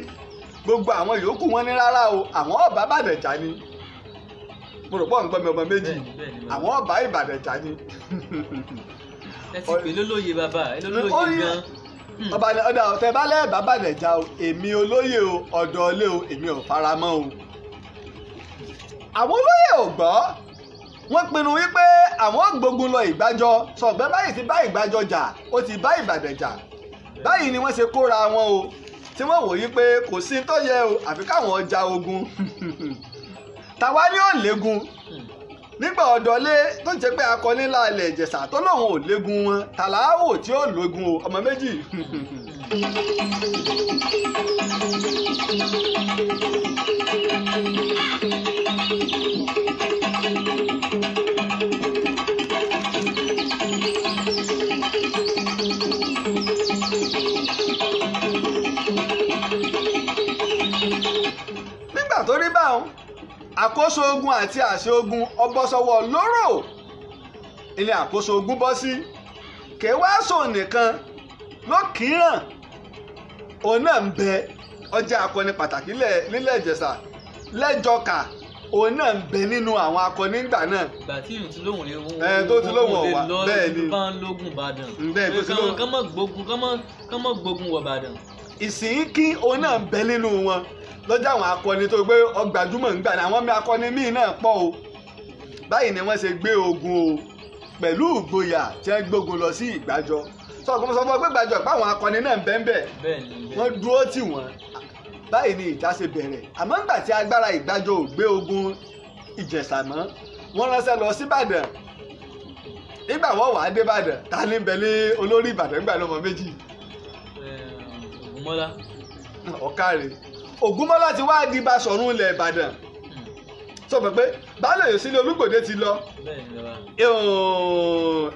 S2: gbogbo àwọn yòókù wọn ní rárá o àwọn ọba Ìbàdàn jà ni mo rò pọ̀ ń gbọ́ mi ọmọ méjì àwọn ọba Ìbàdàn jà ni.
S4: ẹ ti pè lólóye bàbá ẹ lólóye gan.
S2: Mm. ọba ní ọdọ àwọn tẹ́bá lẹ́ẹ̀bá bàdẹ̀já o èmi olóyè o ọ̀dọ̀ ọlé o èmi ò faramọ́ o. àwọn olóyè ò gbọ́ wọ́n pinnu wípé àwọn gbógun lọ ìgbàjọ sọ̀gbẹ́ báyìí ti bá ìgbàjọ jà ó ti bá ìbàdàn jà báyìí ni wọ́n ṣe kóra wọn o tí wọ́n wòye pé kò sí tó yẹ o àfi káwọn ọjà ogun tàwa ni ó légun mm nígbà ọ̀dọ́lé tó ń jẹ́ pé akọni ńlá ilẹ̀ ìjẹ̀ṣà tó lóun ò légun wọn tàlàáwò tí ó lógun o ọmọ méjì. thank you àkóso ogun àti àṣẹ ogun ọbọ̀sọwọ́ lóró ilé àkóso ogun bọ́ sí kẹwàásò nìkan ló kíràn òun náà ń bẹ ọjà akọni pàtàkì nílẹ̀ ìjẹ̀ṣà lẹ́jọ̀ka òun náà ń bẹ nínú àwọn akọni ńgbà
S4: náà. ìgbà tí ìrìn tí lóhùn lè wọ́n ẹ tó ti lóhùn ọ̀wà bẹ́ẹ̀ ni bá ń lógun ìbàdàn bẹ́ẹ̀ tó ti lóhùn kán mọ̀ gbógun wọ̀ ìbàdàn.
S2: ìsìnkí òun náà ń bẹ nínú wọn lọ́jọ́ àwọn akọni tó gbé ọgbàjúmọ̀ ń gbà ní àwọn akọni míì náà pọ̀ o báyìí ni wọ́n ṣe gbé ogun o pẹ̀lú ìgboyà tí wọ́n gbógun lọ sí ìgbàjọ sọ̀gbọ́n sọ̀gbọ́n pé gbàjọ pé àwọn akọni náà ń bẹ́ẹ̀ bẹ́ẹ̀ wọ́n dúró tì wọ́n báyìí ni ìjà ṣe bẹ̀rẹ̀ àmọ́ ńgbà tí agbára ìgbàjọ ò gbé ogun ìjẹ̀ṣà mọ́ wọ́n ránṣẹ́ lọ síbàdàn nígbà wọ́n wà á dé ìbàdàn ta ní bẹ ní olórí ìbàdàn gbà lọ́mọ méjì. ọ̀gùnmọ́lá. ọ̀kàrẹ̀ ògúnmọ́lá ti wá di Basọ̀rún ilẹ̀ Ìbàdàn sọ pé baálé Òyèsílẹ̀ Olúgbòde ti lọ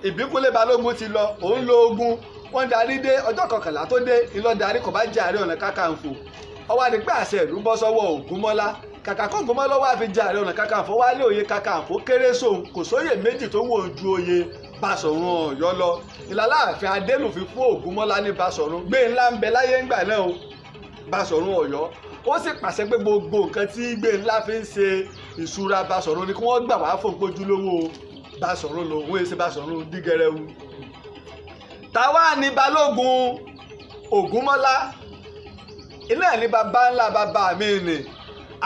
S2: Ìbíkúnlé Balógun ti lọ òun lo ogun wọ́n darí dé ọjọ́ kọkànlá tó dé ìlọ darí kò bá jẹ Ààrẹ Ọ̀nà Kakanfò ọwọ́ àdìpẹ́ àṣẹ ìlú bọ́ sọ́wọ́ ògúnmọ́lá kàkà kóńgó mọ́ lọ́wọ́ àfi jẹ Ààrẹ Ọ̀nà Kakanfò wálé òye Kakanfò kéré sóhun kò sóyè méjì tó wò ju oyè Basọ̀run Ọ̀yọ́ lọ ìlàláàfin adélùfín fún ògúnmọ́lá ní Basọ̀run gbé ńlá ń bẹ láyé ńgbà náà o Basọ̀run Ọ̀yọ́ ó sì pàṣẹ pé gbogbo nǹkan tí Gbénlá fi ń ṣe ìṣúra Basọ̀run ni kí wọ́n gbà wá fún ìpójúlówó Basọ̀run lò wọ́n ṣe Basọ̀run dígẹrẹwu. tàwa ni balógun Ògúnmọ́lá ilé ní baba ńlá baba mi nì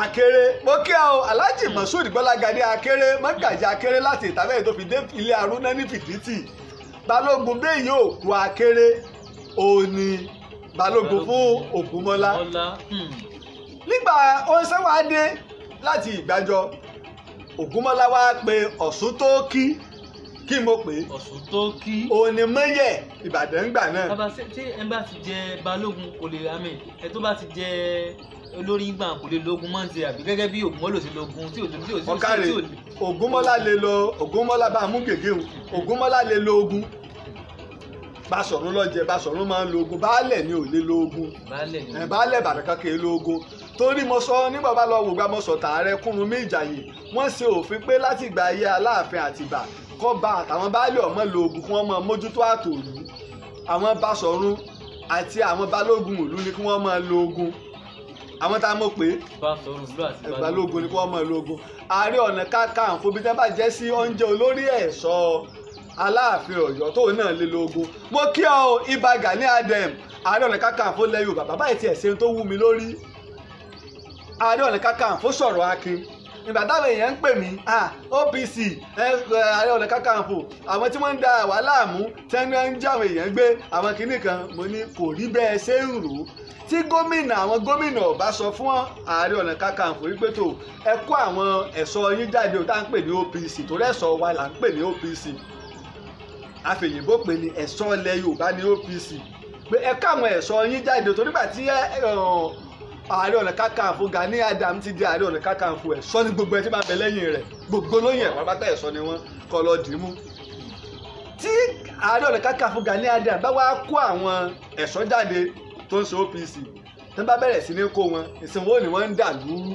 S2: akéré mo kí ọ Alhaji Masud Gbọ́lágadé akéré mọ́gàjì akéré láti ìtàbẹ́yẹ tó fi dé ilé arúná ní fìdítì balógun bẹ́ẹ̀ yóò kú akéré òní balógun fún Ògúnmọ́lá. Hmm nígbà oṣù wa dé láti ìgbàjọ ògúnmọ́lá wa pe ọ̀ṣun tó kí kí mo pè é. ọ̀ṣun tó kí. òní mọ́yẹ̀ ìbàdàn
S4: gbà náà. bàbá ṣé ẹ bá ti jẹ balógun kò lè rámẹ ẹ tó bá ti jẹ olórí gbà kò lè lógun mọ́ ti àbí gẹ́gẹ́ bí ògúnmọ́lò sí lógun tí òjò tí òjò tí òjò. ọ̀kàrẹ̀
S2: ògúnmọ́lá lè lo ògúnmọ́lá bá a mú gègé o ògúnmọ́lá lè lo ogun Basọ̀run lọ́jẹ Basọ̀run máa ń lo ogun baálẹ̀ ni ò lè lo ogun baálẹ̀ Ìbàdàn kankan lo ogun torí mo sọ nígbà bá lọ wògbà mo sọ tààrẹ Kúrúnmí Ìjàyè wọ́n ṣe òfin pé láti ìgbà ayé Aláàfin Àtìbà kọ́ba àtàwọn baálẹ̀ ọmọ lo ogun kí wọ́n máa mójútó àtòlú àwọn Basọ̀run àti àwọn balógun ìlú ni kí wọ́n máa lo ogun àwọn tá a mọ̀ pé balógun ni kí wọ́n máa lo ogun Ààrẹ Ọ̀nà Kakanfò bí wọ́n bá jẹ́ sí oúnjẹ olórí ẹ̀ṣọ́ aláàfin ọ̀yọ́ tóun náà lé lógún mo kí ọ o ibà Gani Adams ààrẹ ọ̀nà kakanfò lẹ́yìn òbá bàbá yìí tiẹ̀ ṣe tó wú mi lórí ààrẹ ọ̀nà kakanfò sọ̀rọ̀ akin ìgbà táwọn èèyàn ń pè mí OPC ààrẹ ọ̀nà kakanfò àwọn tí wọ́n ń da wàhálà mú tí wọ́n ń já àwọn èèyàn gbé àwọn kinní kan mo ní kò rí bẹ́ẹ̀ ṣe ń rò ó tí gómìnà àwọn gómìnà ọba sọ fún ààrẹ ọ̀nà kakanfò wípé tó ẹ kó àwọn ẹ̀ṣọ́ yín jáde ó tá ń pè ní OPC torí ẹ̀ṣọ́ wa là ń pè ní OPC àfẹ̀yìnbó pè ní ẹ̀ṣọ́ ilẹ̀ Yorùbá ní OPC pé ẹ káwọn ẹ̀ṣọ́ yín jáde tó nígbà tí ààrẹ ọ̀nà kákàǹfò Gani Adam ti di ààrẹ ọ̀nà kákàǹfò ẹ̀ṣọ́ ní gbogbo ẹ̀ tí máa bẹ lẹ́yìn rẹ̀ gbogbo lóyìn ẹ̀wọ̀n pátá ẹ̀ṣọ́ ni wọ́n kọ́ lọ dì í mú. tí ààrẹ ọ̀nà kákàǹfò Gani Adam bá wá kó àwọn ẹ̀ṣọ́ jáde tó ń ṣe OPC tó bá bẹ̀rẹ̀ sí ní kó wọn ìsìnwó ni wọ́n ń dà lúrú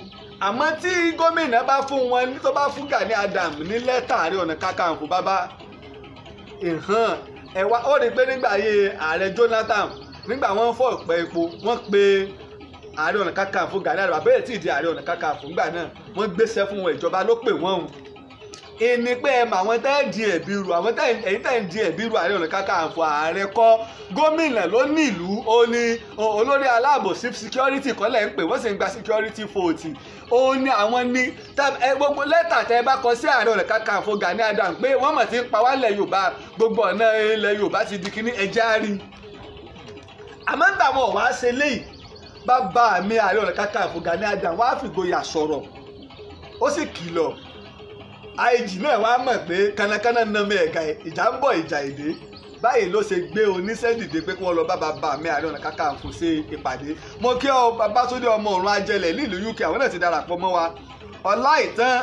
S2: àmọ́ tí gómìnà bá fún wọn tó bá fún Gani Adam ní lẹ́tà ààrẹ ọ̀nà kákàǹfò bàbá ìhàn ẹ wá ó rí i pé nígbà ayé ààrẹ Jonathan nígbà wọ́n fọ́ ọ̀pẹ epo wọ́n pe ààrẹ ọ̀nà kakanfò Gani Adams bẹ́ẹ̀ tí ì di ààrẹ ọ̀nà kakanfò ńgbà náà wọ́n gbéṣẹ́ fún wọn ìjọba ló pè wọ́n èmi pé ẹ mọ àwọn tẹ́ ẹ̀ di ẹ̀bí ru àwọn tẹ́ ẹ̀yìn tẹ́ ẹ̀ di ẹ̀bí ru ààrẹ ọ̀nà kakanfò ààrẹ kọ́ gómìnà ló ní ìlú ó ní olórí aláàbò security kọ́lẹ̀ ń pè wọ́n sì ń gba security fòtì ó ní àwọn ní gbogbo lẹ́tà tẹ́ ẹ bá kọ sí ààrẹ ọ̀nà kakanfò Gani Adams pé wọ́n mọ̀ ti ń pa wá lẹ̀ Yorùbá gbogbo ọ̀nà ilẹ̀ Yorùbá ti di kíní ẹja rí àmọ́ ń tàwọn ọ̀ wá ṣe léyìí bàbá mi ààrẹ ọ̀nà kakanfò Gani Adams wá fìgboyà IG náà wá mọ̀ pé kánnakánná ń nàmẹ́ ẹ̀ka ìjà ń bọ̀ ìjà èdè báyìí ló ṣe gbé oníṣẹ́ dìde pé kí wọ́n lọ bá bàbá mi Ààrẹ Ọ̀nà Kakanfò ṣe ìpàdé mo kí ọ Babátúndé ọmọ ọ̀run ajẹlẹ̀ nílùú UK àwọn náà ti darapọ̀ mọ́ wa ọlá ìtàn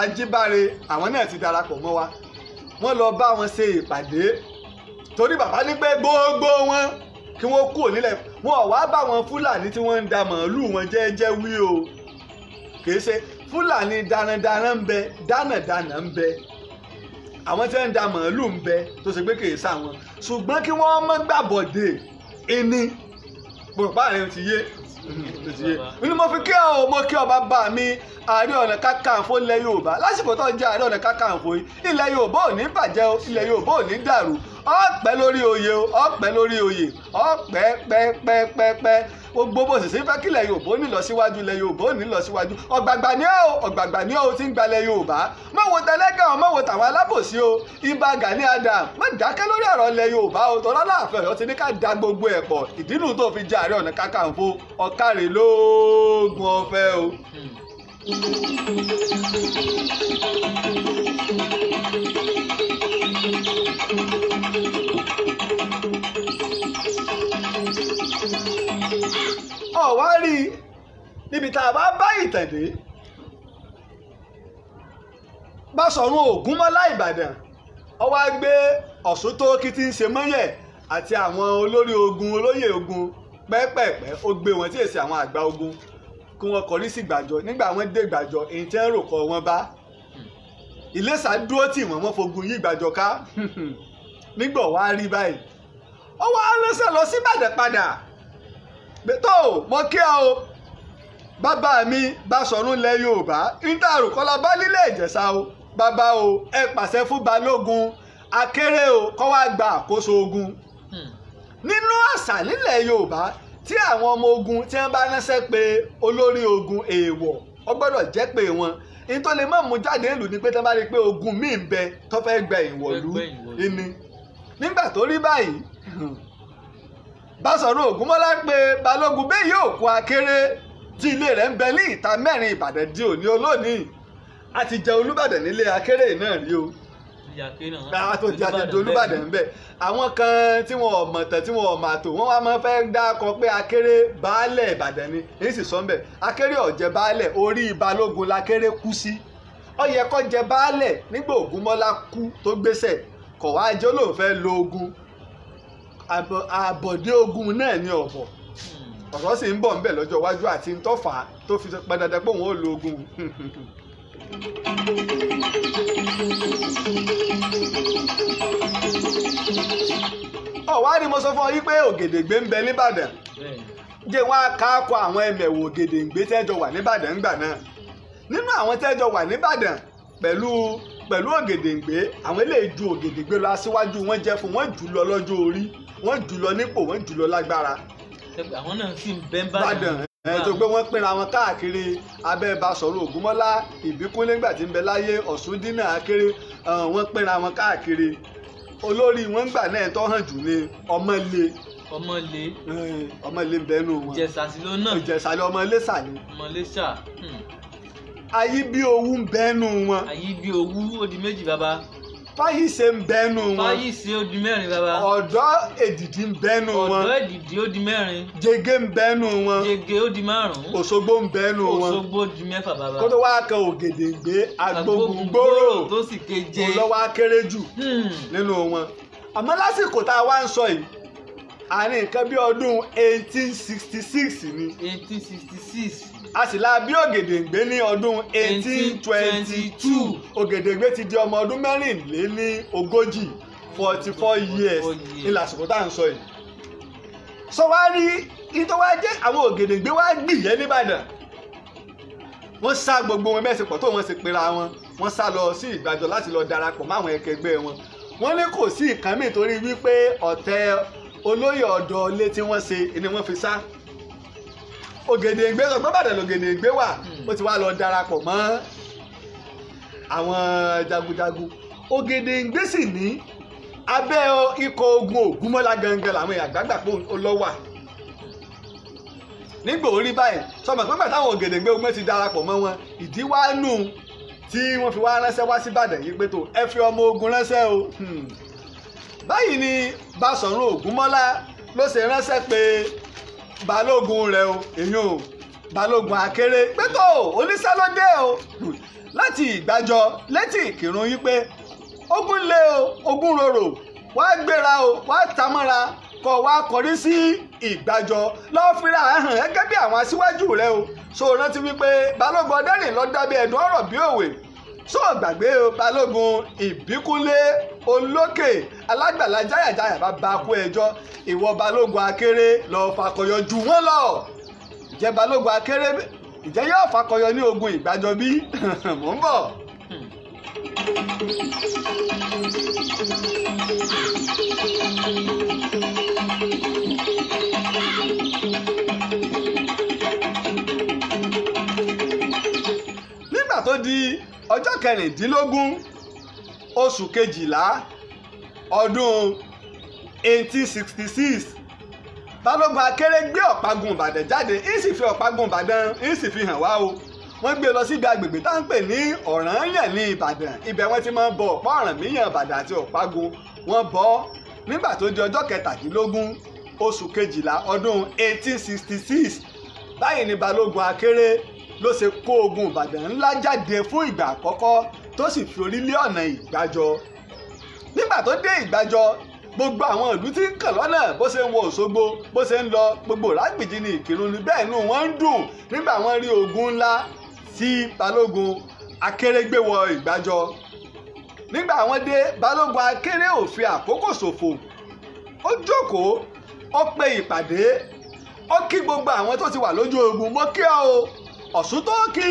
S2: Ajíbáre àwọn náà ti darapọ̀ mọ́ wa wọ́n lọ bá wọn ṣe ìpàdé torí bàbá ní pé gbogbo wọn kí wọ́n kúrò nílẹ̀ wọn ò wá bá wọn Fúlàní tí wọ́n ń da màálù wọn jẹ́ẹ́jẹ́ wí o kì í ṣe fúlàní darandaran ń bẹ dánàdánà ń bẹ àwọn tí wọ́n ń da màálù ń bẹ tó ṣe pé kìí sáwọn ṣùgbọ́n kí wọ́n mọ́ gbàbọ̀dé ẹni bùrùbá rẹ̀ ti yé inú mo fi kí ọ mo kí ọ bàbá mi àárẹ̀ ọ̀nà kákàǹfò ilẹ̀ yorùbá lásìkò tó ń jẹ́ àárẹ̀ ọ̀nà kákàǹfò ilẹ̀ yorùbá ò ní bàjẹ́ ilẹ̀ yorùbá ò ní dàrú ọ̀pẹ́ lórí oyè o ọ̀pẹ́ lórí oyè ọ̀pẹ́ pẹ́pẹ́pẹ́pẹ́ gbogbo bó sì sí fẹ́ kílẹ̀ Yorùbá ó ní lọ́síwájú lẹ̀ Yorùbá ó ní lọ́síwájú ọ̀gbàgbà ni ó ọ̀gbàgbà ni ó ti ń gbalẹ̀ Yorùbá má wo tẹlẹ́gàn ọ̀ má wo tàwọn alábòsí o Ìbà Gani Adams má dákẹ́ lórí ọ̀rọ̀ lẹ̀ Yorùbá o tọ́lá láàfẹ́ ọ̀yọ́ ti ní ká da gbogbo ẹ̀ pọ̀ ìdínú tó fi jẹ́ Ààrẹ Ọ̀nà Kakanfò ọ̀kàrẹ̀ lóògùn ọ̀fẹ́ o ọ̀wá rí i níbi tá a bá bá ìtẹ̀dé bá sọ̀run Ògúnmọ́lá Ìbàdàn ọwọ́ á gbé Ọ̀ṣun Tóókì tí ń ṣe mọ́yẹ̀ àti àwọn olórí ogun olóyè ogun pẹ́ẹ́pẹ́ẹ́pẹ́ ó gbé wọn tí èsì àwọn àgbà ogun kí wọ́n kọrí sí gbàjọ nígbà wọ́n dé gbàjọ èyí tẹ́ ń rò kọ́ wọn bá Iléṣà dúró tì wọ́n wọ́n fogun yí gbàjọ ká nígbà wàá rí báyìí ó wá ránṣẹ́ lọ sí Ìbàdàn padà gbẹtọ mọ kí ọ o bàbá mi Báṣọ̀run lẹ Yorùbá intaru kọlá bá nílé Ìjẹ̀ṣà o bàbá o ẹ pàṣẹ fún Balógun Akéré o kó wá gba àkóso ogun hmm. nínú àṣà nílẹ̀ Yorùbá tí àwọn ọmọ ogun tí wọ́n bá ránṣẹ́ pé olórí ogun èèwọ̀ ó gbọ́dọ̀ jẹ́ pé wọn ní tó lè má mú jáde ìlú ni pé tí wọ́n bá rí i pé ogun míì ń bẹ tó fẹ́ gba ìwọ̀lú ìní nígbà tó rí báyìí Báṣọ̀run Ògúnmọ́lá pé Balógun bẹ́ẹ̀ yóò kó akéré tí ilé rẹ̀ ń bẹ ní ìta mẹ́rin Ìbàdàn di òní olónìí àti jẹ Olúbàdàn nílé akéré náà rí o
S3: àwọn
S2: tó jà tètè olúbàdàn ń bẹ àwọn kan tí wọn ò mọ̀tàn tí wọn ò mà tò wọn wá máa fẹ́ dákọ pé akéré baálẹ̀ ìbàdàn ni èyí sì sọ ń bẹ akéré ọ̀jẹ̀ baálẹ̀ orí balógun lakéré kú sí ó yẹ kó jẹ baálẹ̀ nígbà ògúnmọ́lá kú tó gbéṣẹ̀ kọ̀ wá jẹ́ olóhùn fẹ́ lo ogun àbọ̀dé ogun náà ni ọ̀bọ̀ hmm. ọ̀rọ̀ sì ń bọ̀ ń bẹ̀ lọ́jọ́ iwájú àti ntọ́fà tó fi pẹ́ dandan pé òun ó lo ogun. ọ̀wá ni mo sọ fún ọ yìí pé ògèdèǹgbé ń bẹ nìbàdàn jẹ́ wọ́n á káàkó àwọn ẹ̀mẹ̀wò ògèdèǹgbé tẹ́jọ wà nìbàdàn ńgbà náà nínú àwọn tẹ́jọ wà nìbàdàn pẹ̀lú pẹ̀lú ògèdèǹgbé àwọn eléyìí ju ògèdèǹgbé lọ aṣíwájú wọn jẹ́ fún wọn jù lọ lọ́jọ́ orí wọn jù lọ nípò wọn jù lọ lágbára.
S4: àwọn náà sì ń bẹ ń bàdàn ẹ tó pé
S2: wọ́n pínra wọn káàkiri abẹ́ Basọ̀rọ̀ Ògúnmọ́lá Ìbíkúnlé nígbà tí ń bẹ láyé Ọ̀ṣúndínà Akéré wọ́n pínra wọn káàkiri olórí wọn gbà náà tó hàn jù ní Ọmọlé Ọmọlé Ọmọlé ń bẹnu wọn Ìjẹ̀ṣà sí ló náà Ìjẹ̀ṣà ló Ọmọlé sà ni Ọmọlé
S4: sà hmm. ayíbíowú ń bẹnu wọn ayíbíowú ó di méjì bàbá fáyìísé ń bẹ́nu wọn. fáyìísé ó di mẹ́rin bàbá. ọ̀dọ́ èdìdí ń
S2: bẹ́nu wọn. ọ̀dọ́ èdìdí ó di mẹ́rin. jege ń bẹ́nu wọn. jege ó di márùn-ún. òṣogbo ń bẹ́nu wọn. òṣogbo
S4: di mẹ́fà bàbá. kó tó wá
S2: kan ògèdèǹgbé agbógungbòrò tó sì keje. kó lọ́wọ́ akéré jù hmm. nínú wọn. àmọ́ lásìkò tá a wá ń sọ yìí àárín nǹkan bí ọdún eighteen sixty six ni. eighteen sixty six a sì la bí ògèdèǹgbé ní ọdún eighteen twenty two ògèdèǹgbé ti di ọmọ ọdún mẹ́rìnléní forty four years ní lásìkò tá à ń sọ yìí. sọ wá rí ìtọ́ wá jẹ́ àwọn ògèdèǹgbé wá gbìyẹ́ nìbàdàn wọ́n sá gbogbo wọn mẹ́sìn pọ̀ tó wọ́n sì pera wọn wọ́n sá lọ sí ìgbàjọ láti lọ darapọ̀ máwọn ẹkẹgbẹ́ wọn wọ́n ní kò sí ìkànnì torí wípé ọ̀tẹ̀ olóyè ọ̀dọ́ Ògèdèngbé sọ pé Ìbàdàn lògèdèngbé wà hmm. ó ti wá lọ darapọ̀ mọ́ àwọn jagunjagun Ògèdèngbé sì ní abẹ́ ikọ̀ ogun Ògúnmọ́lá gangan làwọn èèyàn àgbàgbà pé ó lọ wà nígbà orí báyìí sọmọ pé bàtà àwọn Ògèdèngbé ogun ti darapọ̀ mọ́ wọn ìdí wá nù tí wọ́n fi wá ránṣẹ́ wá sí Ìbàdàn yìí pé tó ẹ fi ọmọ ogun ránṣẹ́ o hmm. báyìí ni Báṣọ̀run Ògúnmọ́lá ló ṣe ránṣẹ́ pé balógun rẹ o èmi o balógun akéré pétó oníṣẹ́ ló dé o láti ìgbàjọ létí ìkírun yín pé ogun lé o ogun rorò wá gbéra o wá tamọ́ra kọ wá kọrí sí ìgbàjọ lọ́ọ́ fira hàn gẹ́gẹ́ bí àwọn aṣíwájú rẹ o so rántí wípé balógun ọdẹ́rìn lọ́ọ́ dábẹ́ ẹ̀dùn ọ̀rọ̀ bí òwe sọ̀gbàgbé balógun ìbíkúnlé olókè alágbàlá jáyàjáyà bá ba kú ẹjọ́ ìwọ balógun akéré lọ́ọ́ fakọyọ jù wọ́n lọ ìjẹ́ balógun akéré ìjẹ́ yóò fakọyọ ní ogun ìgbàjọ bí mò ń bọ̀. nígbà tó di ọjọ́ kẹrìndínlógún oṣù kejìlá ọdún 1866 balógun akéré gbé ọ̀págun ìbàdàn jáde ń sì fi ọ̀págun ìbàdàn ń sì fi hàn wá o wọ́n gbé e lọ síbi agbègbè tá ń pè ní ọ̀rànyàn ní ìbàdàn ibẹ̀ wọ́n ti máa ń bọ ọ̀pá ọ̀rànmíyàn ìbàdàn àti ọ̀págun wọ́n bọ́ nígbà tó di ọjọ́ kẹtàdínlógún oṣù kejìlá ọdún 1866 báyìí ni balógun akéré ló ṣe kó ogun ìbàdàn ńlá jáde fún ìgbà àkọ́kọ́ tó sì fi orí lé ọ̀nà ìgbàjọ nígbà tó dé ìgbàjọ gbogbo àwọn ìlú tí ń kàn lọ́nà bó ṣe ń wọ òṣogbo bó ṣe ń lọ gbogbo rágbìjì ní ìkírun ni bẹ́ẹ̀ nù wọ́n ń dùn nígbà wọ́n rí ogun ńlá sí balógun akérègbè wọ ìgbàjọ nígbà wọ́n dé balógun akéré ò fi àkókò ṣòfò ó jókòó ó pe ìpàdé ó kí gbogbo àwọn tó ti wà lójú ogun mo kí ọ o ọ̀sùn tó kí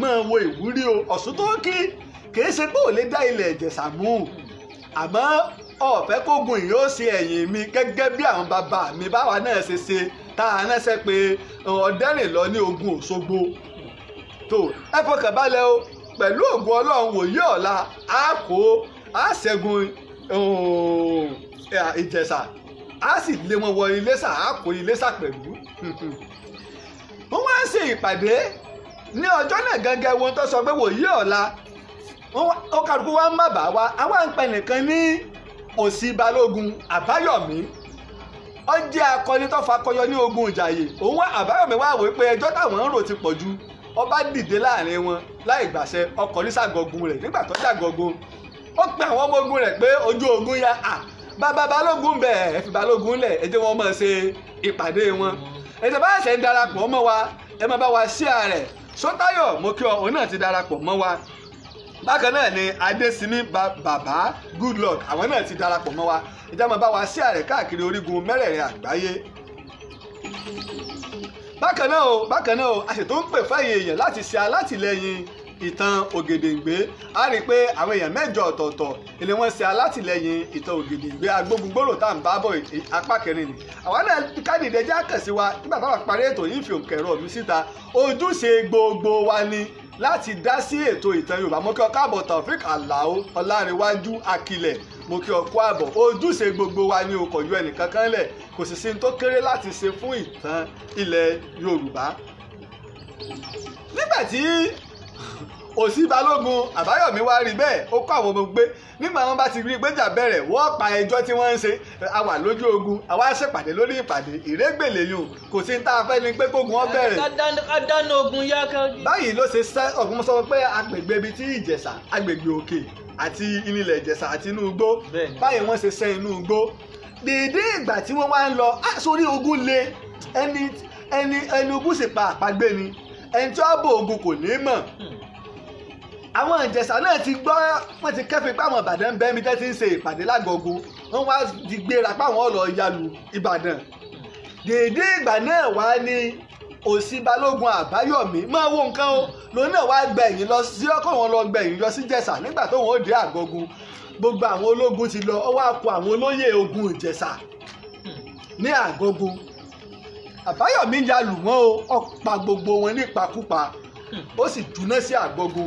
S2: máa wo ìwúrí o ọ̀sùn tó kí kìí ṣe pé ò lè dá ilẹ̀ ìjẹ̀ṣà mú àmọ́ ọ̀fẹ́ kógun yìí ó ṣe ẹ̀yìn mi gẹ́gẹ́ bí àwọn bàbá mi báwa náà ṣe ṣe tá a ránṣẹ́ pé ọ̀dẹ́rìn lọ ní ogun Òṣogbo tó ẹ fọkàn balẹ̀ o pẹ̀lú ògùn ọlọ́run wòye ọ̀la á kó á ṣẹ́gun ìjẹ̀ṣà á sì lé wọn wọ Iléṣà á kó Iléṣà pẹ̀lú wọ́n wá ń ṣe ìpàdé ní ọjọ́ náà gẹ́gẹ́ wọn tó sọ pé wòye ọ̀la ó kálukú wá ń má bàá wa àwa ń pẹ nìkan ní òsì balógun àbáyọ̀mí ó jẹ́ akọni tó fakọyọ ní ogun ìjàyè òun àbáyọ̀mí wá wò pé ẹjọ́ táwọn ń rò ti pọ̀ ju ọba dìde láàrin wọn láì gbàṣẹ ọkọ̀ ní sàgọ̀gùn rẹ̀ nígbà tó sàgọ̀gùn ó pe àwọn ọmọ ogun rẹ̀ pé ojú ogun ya à bàbá balógun bẹ̀ ẹ̀ fi balógun lẹ̀ ẹ jẹ́ wọn mọ̀ ṣe ìpàdé wọn ètò bá ṣe ń darapọ̀ mọ́ wa ẹ máa bá wa share rẹ̀ Sọ́táyọ̀ mo kí ọ òun náà ti darapọ̀ mọ́ wa bákan náà ni Adésínì bàbá Goodluck àwọn náà ti darapọ̀ mọ́ wa ìjà máa bá wa share rẹ̀ káàkiri orígun mẹ́rẹ̀ẹ̀rin àgbáyé bákan náà o bákan náà o a ṣètò ń pè fáyé èèyàn láti ṣe alátìlẹyìn ìtàn ògèdèǹgbé a rí i pé àwọn èèyàn mẹ́jọ ọ̀tọ̀ọ̀tọ̀ ilé wọn ṣe alátìlẹyìn ìtàn ògèdèǹgbé agbógungbòrò tá à ń bá bọ̀ apá kẹrin ni àwọn náà kádìdẹ jẹ́ àkànṣe wa nígbà táwọn parí ètò yìí fi òǹkà ẹ̀rọ mi síta ojúṣe gbogbo wa ni láti dá sí ètò ìtàn yorùbá mo kí ọ káàbọ̀ Taofeek Alao ọlárẹ̀wájú akilẹ̀ mo kí ọ kú àbọ̀ ojúṣe gbogbo wa ni o kò yọ ẹnìkan kan lẹ̀ kò sì sí ní tó kéré láti ṣe fún ìtàn ilẹ̀ yorùbá nígbà tí òsì balógun àbáyọ̀mí wá rí bẹ́ẹ̀ ó kọ́ àwọn ọmọ gbé nígbà wọn bá ti rí gbéjà bẹ̀rẹ̀ wọ́n pa ẹjọ́ tí wọ́n ń ṣe àwa lójú ogun àwa ṣèpàdé lórí ìpàdé ìrégbèlè yòó kò sí tá a fẹ́ ni pé kógun wọn bẹ̀rẹ̀.
S4: ká dáná ogun yá ká.
S2: báyìí ló ṣe sẹ́ ọ̀gbọ́n sọ pé agbègbè ibi tí ìjẹ̀ṣà agbègbè òkè àti ìnilẹ̀ ìjẹ̀ṣà àti inú igbó báyìí wọ́n ṣe sẹ́ inú igbó dèédé ìgbà tí wọ́n wá ń lọ le ẹni ẹni ẹni ogun sì pa àpagbé ni ẹni tí wọ́n bò ogun kò ní mọ̀ àwọn ìjẹ̀ṣà náà ti gbọ́ wọ́n ti kẹ́fìn páwọn ìbàdàn ń bẹ́ mi tẹ́tí ń ṣe ìpàdé lágọ̀ọ́gùn wọ́n wá di gbéra páwọn ọ̀lọ́ ìyàlú ìbàdàn dèédé ìgbà náà wá ní òsì balógun àbáyọ̀mí máa wo nǹkan o lòun náà wá gbẹ̀yìn lọ sí ọkọ̀ wọn lọ gbẹ̀yìn lọ sí jẹ̀ṣà nígbà tó wọn ò dé àgọ́gun gbogbo àwọn ológun ti lọ ọwọ́ àpò àwọn olóyè ogun ìjẹ̀ṣà ní àgọ́gun àbáyọ̀mí ya lù wọ́n o ọ̀pá gbogbo wọn nípakúpa ó sì dúná sí àgbogbo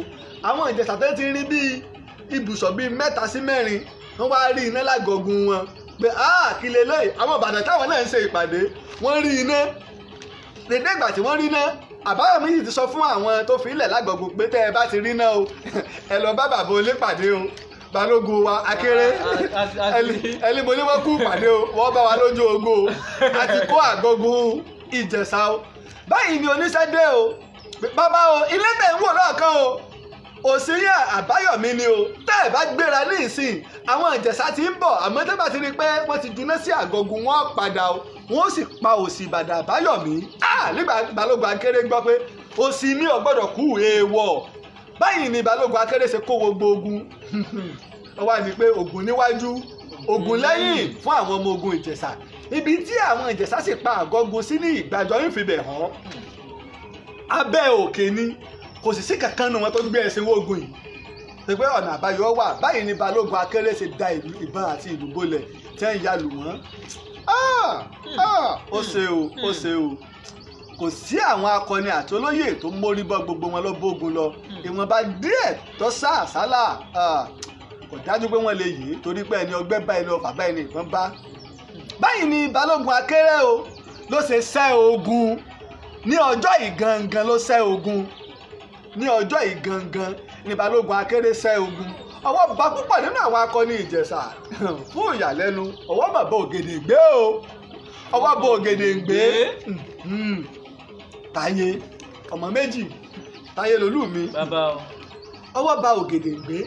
S2: àwọn ìjẹsà tó ti rí bíi ibùsọ̀ bíi mẹ́ta sí mẹ́rin wọ́n wá rí iná lágọ̀gùn wọn pé kí leléyìí àwọn ìbàdàn táwọn náà ń ṣe ìpàdé wọ́n rí iná dédé ìgbà tí wọ́n rí iná àbáyọ̀mí yìí ti sọ fún àwọn tó fi ilẹ̀ lágọ̀gùn pé tẹ́ ẹ bá ti rí iná o ẹ lọ bá bàbá olé pàdé o balógun wa akéré ẹlẹ́mọ̀ ní wọ́n kú pàdé o wọ́n bá wa lójú ogun o a ti kó àgọ́gun ìjẹ̀ṣà o báyìí ni oníṣẹ́ dé o bàbá o ilé tẹ̀ ń wò lọ́ọ̀kan o òsínyà àbáyọ̀mí ni o tẹ́ ẹ̀ bá gbéra ní ìsìn àwọn ìjẹ̀ṣà ti ń bọ̀ àmọ́ tẹ́ bá ti rí i pé wọ́n ti juná sí àgọ́gun wọn padà o wọ́n sì pa òsì ìbàdàn àbáyọ̀mí nígbà balógun akéré gbọ́ pé òsì ni ò kú èèwọ̀ báyìí ni balógun akérèsé kó gbogbo ogun ó wá ní pé ogun níwájú ogun lẹ́yìn fún àwọn ọmọ ogun ìjẹ̀ṣà ibi tí àwọn ìjẹ̀ṣà sì pa àgọ́gun sí ní ìgbàjọ ìfibẹ̀ hàn abẹ́ òkè ni kò sì sí kankan nu wọn tó ń gbé ẹṣin wógun yìí pé ọ̀nà àbáyọ wà báyìí ni balógun akérèsé da ìbọn àti ìlú bolẹ̀ tẹ́ ń yalù wọ́n
S3: ah! Ah!
S2: ó ṣe o ó ṣe o kò sí àwọn akọni àti olóyè tó mórí bọ́ gbogbo wọn lọ bógun lọ hmm. ìwọ̀nba díẹ̀ tó sá àsálà kò dájú pé wọ́n lè yìí torí pé ẹni ọgbẹ́ bá ẹni ọfà bá ẹni ìbọn bá. báyìí ni balógun akéré o ló ṣe ṣẹ́ ogun ní ọjọ́ ìgangan ló ṣẹ́ ogun ní ọjọ́ ìgangan ni balógun akéré ṣẹ́ ogun ọwọ́ bá púpọ̀ nínú àwọn akọni ìjẹ̀ṣà fún ìyàlẹ́nu ọwọ́ bàbá ògèdè gbé o ọwọ́ bá ògèdè gbé. Hmm, hmm táyé ọmọ méjì táyé lolú mi ọwọ́ ba Ògèdèngbé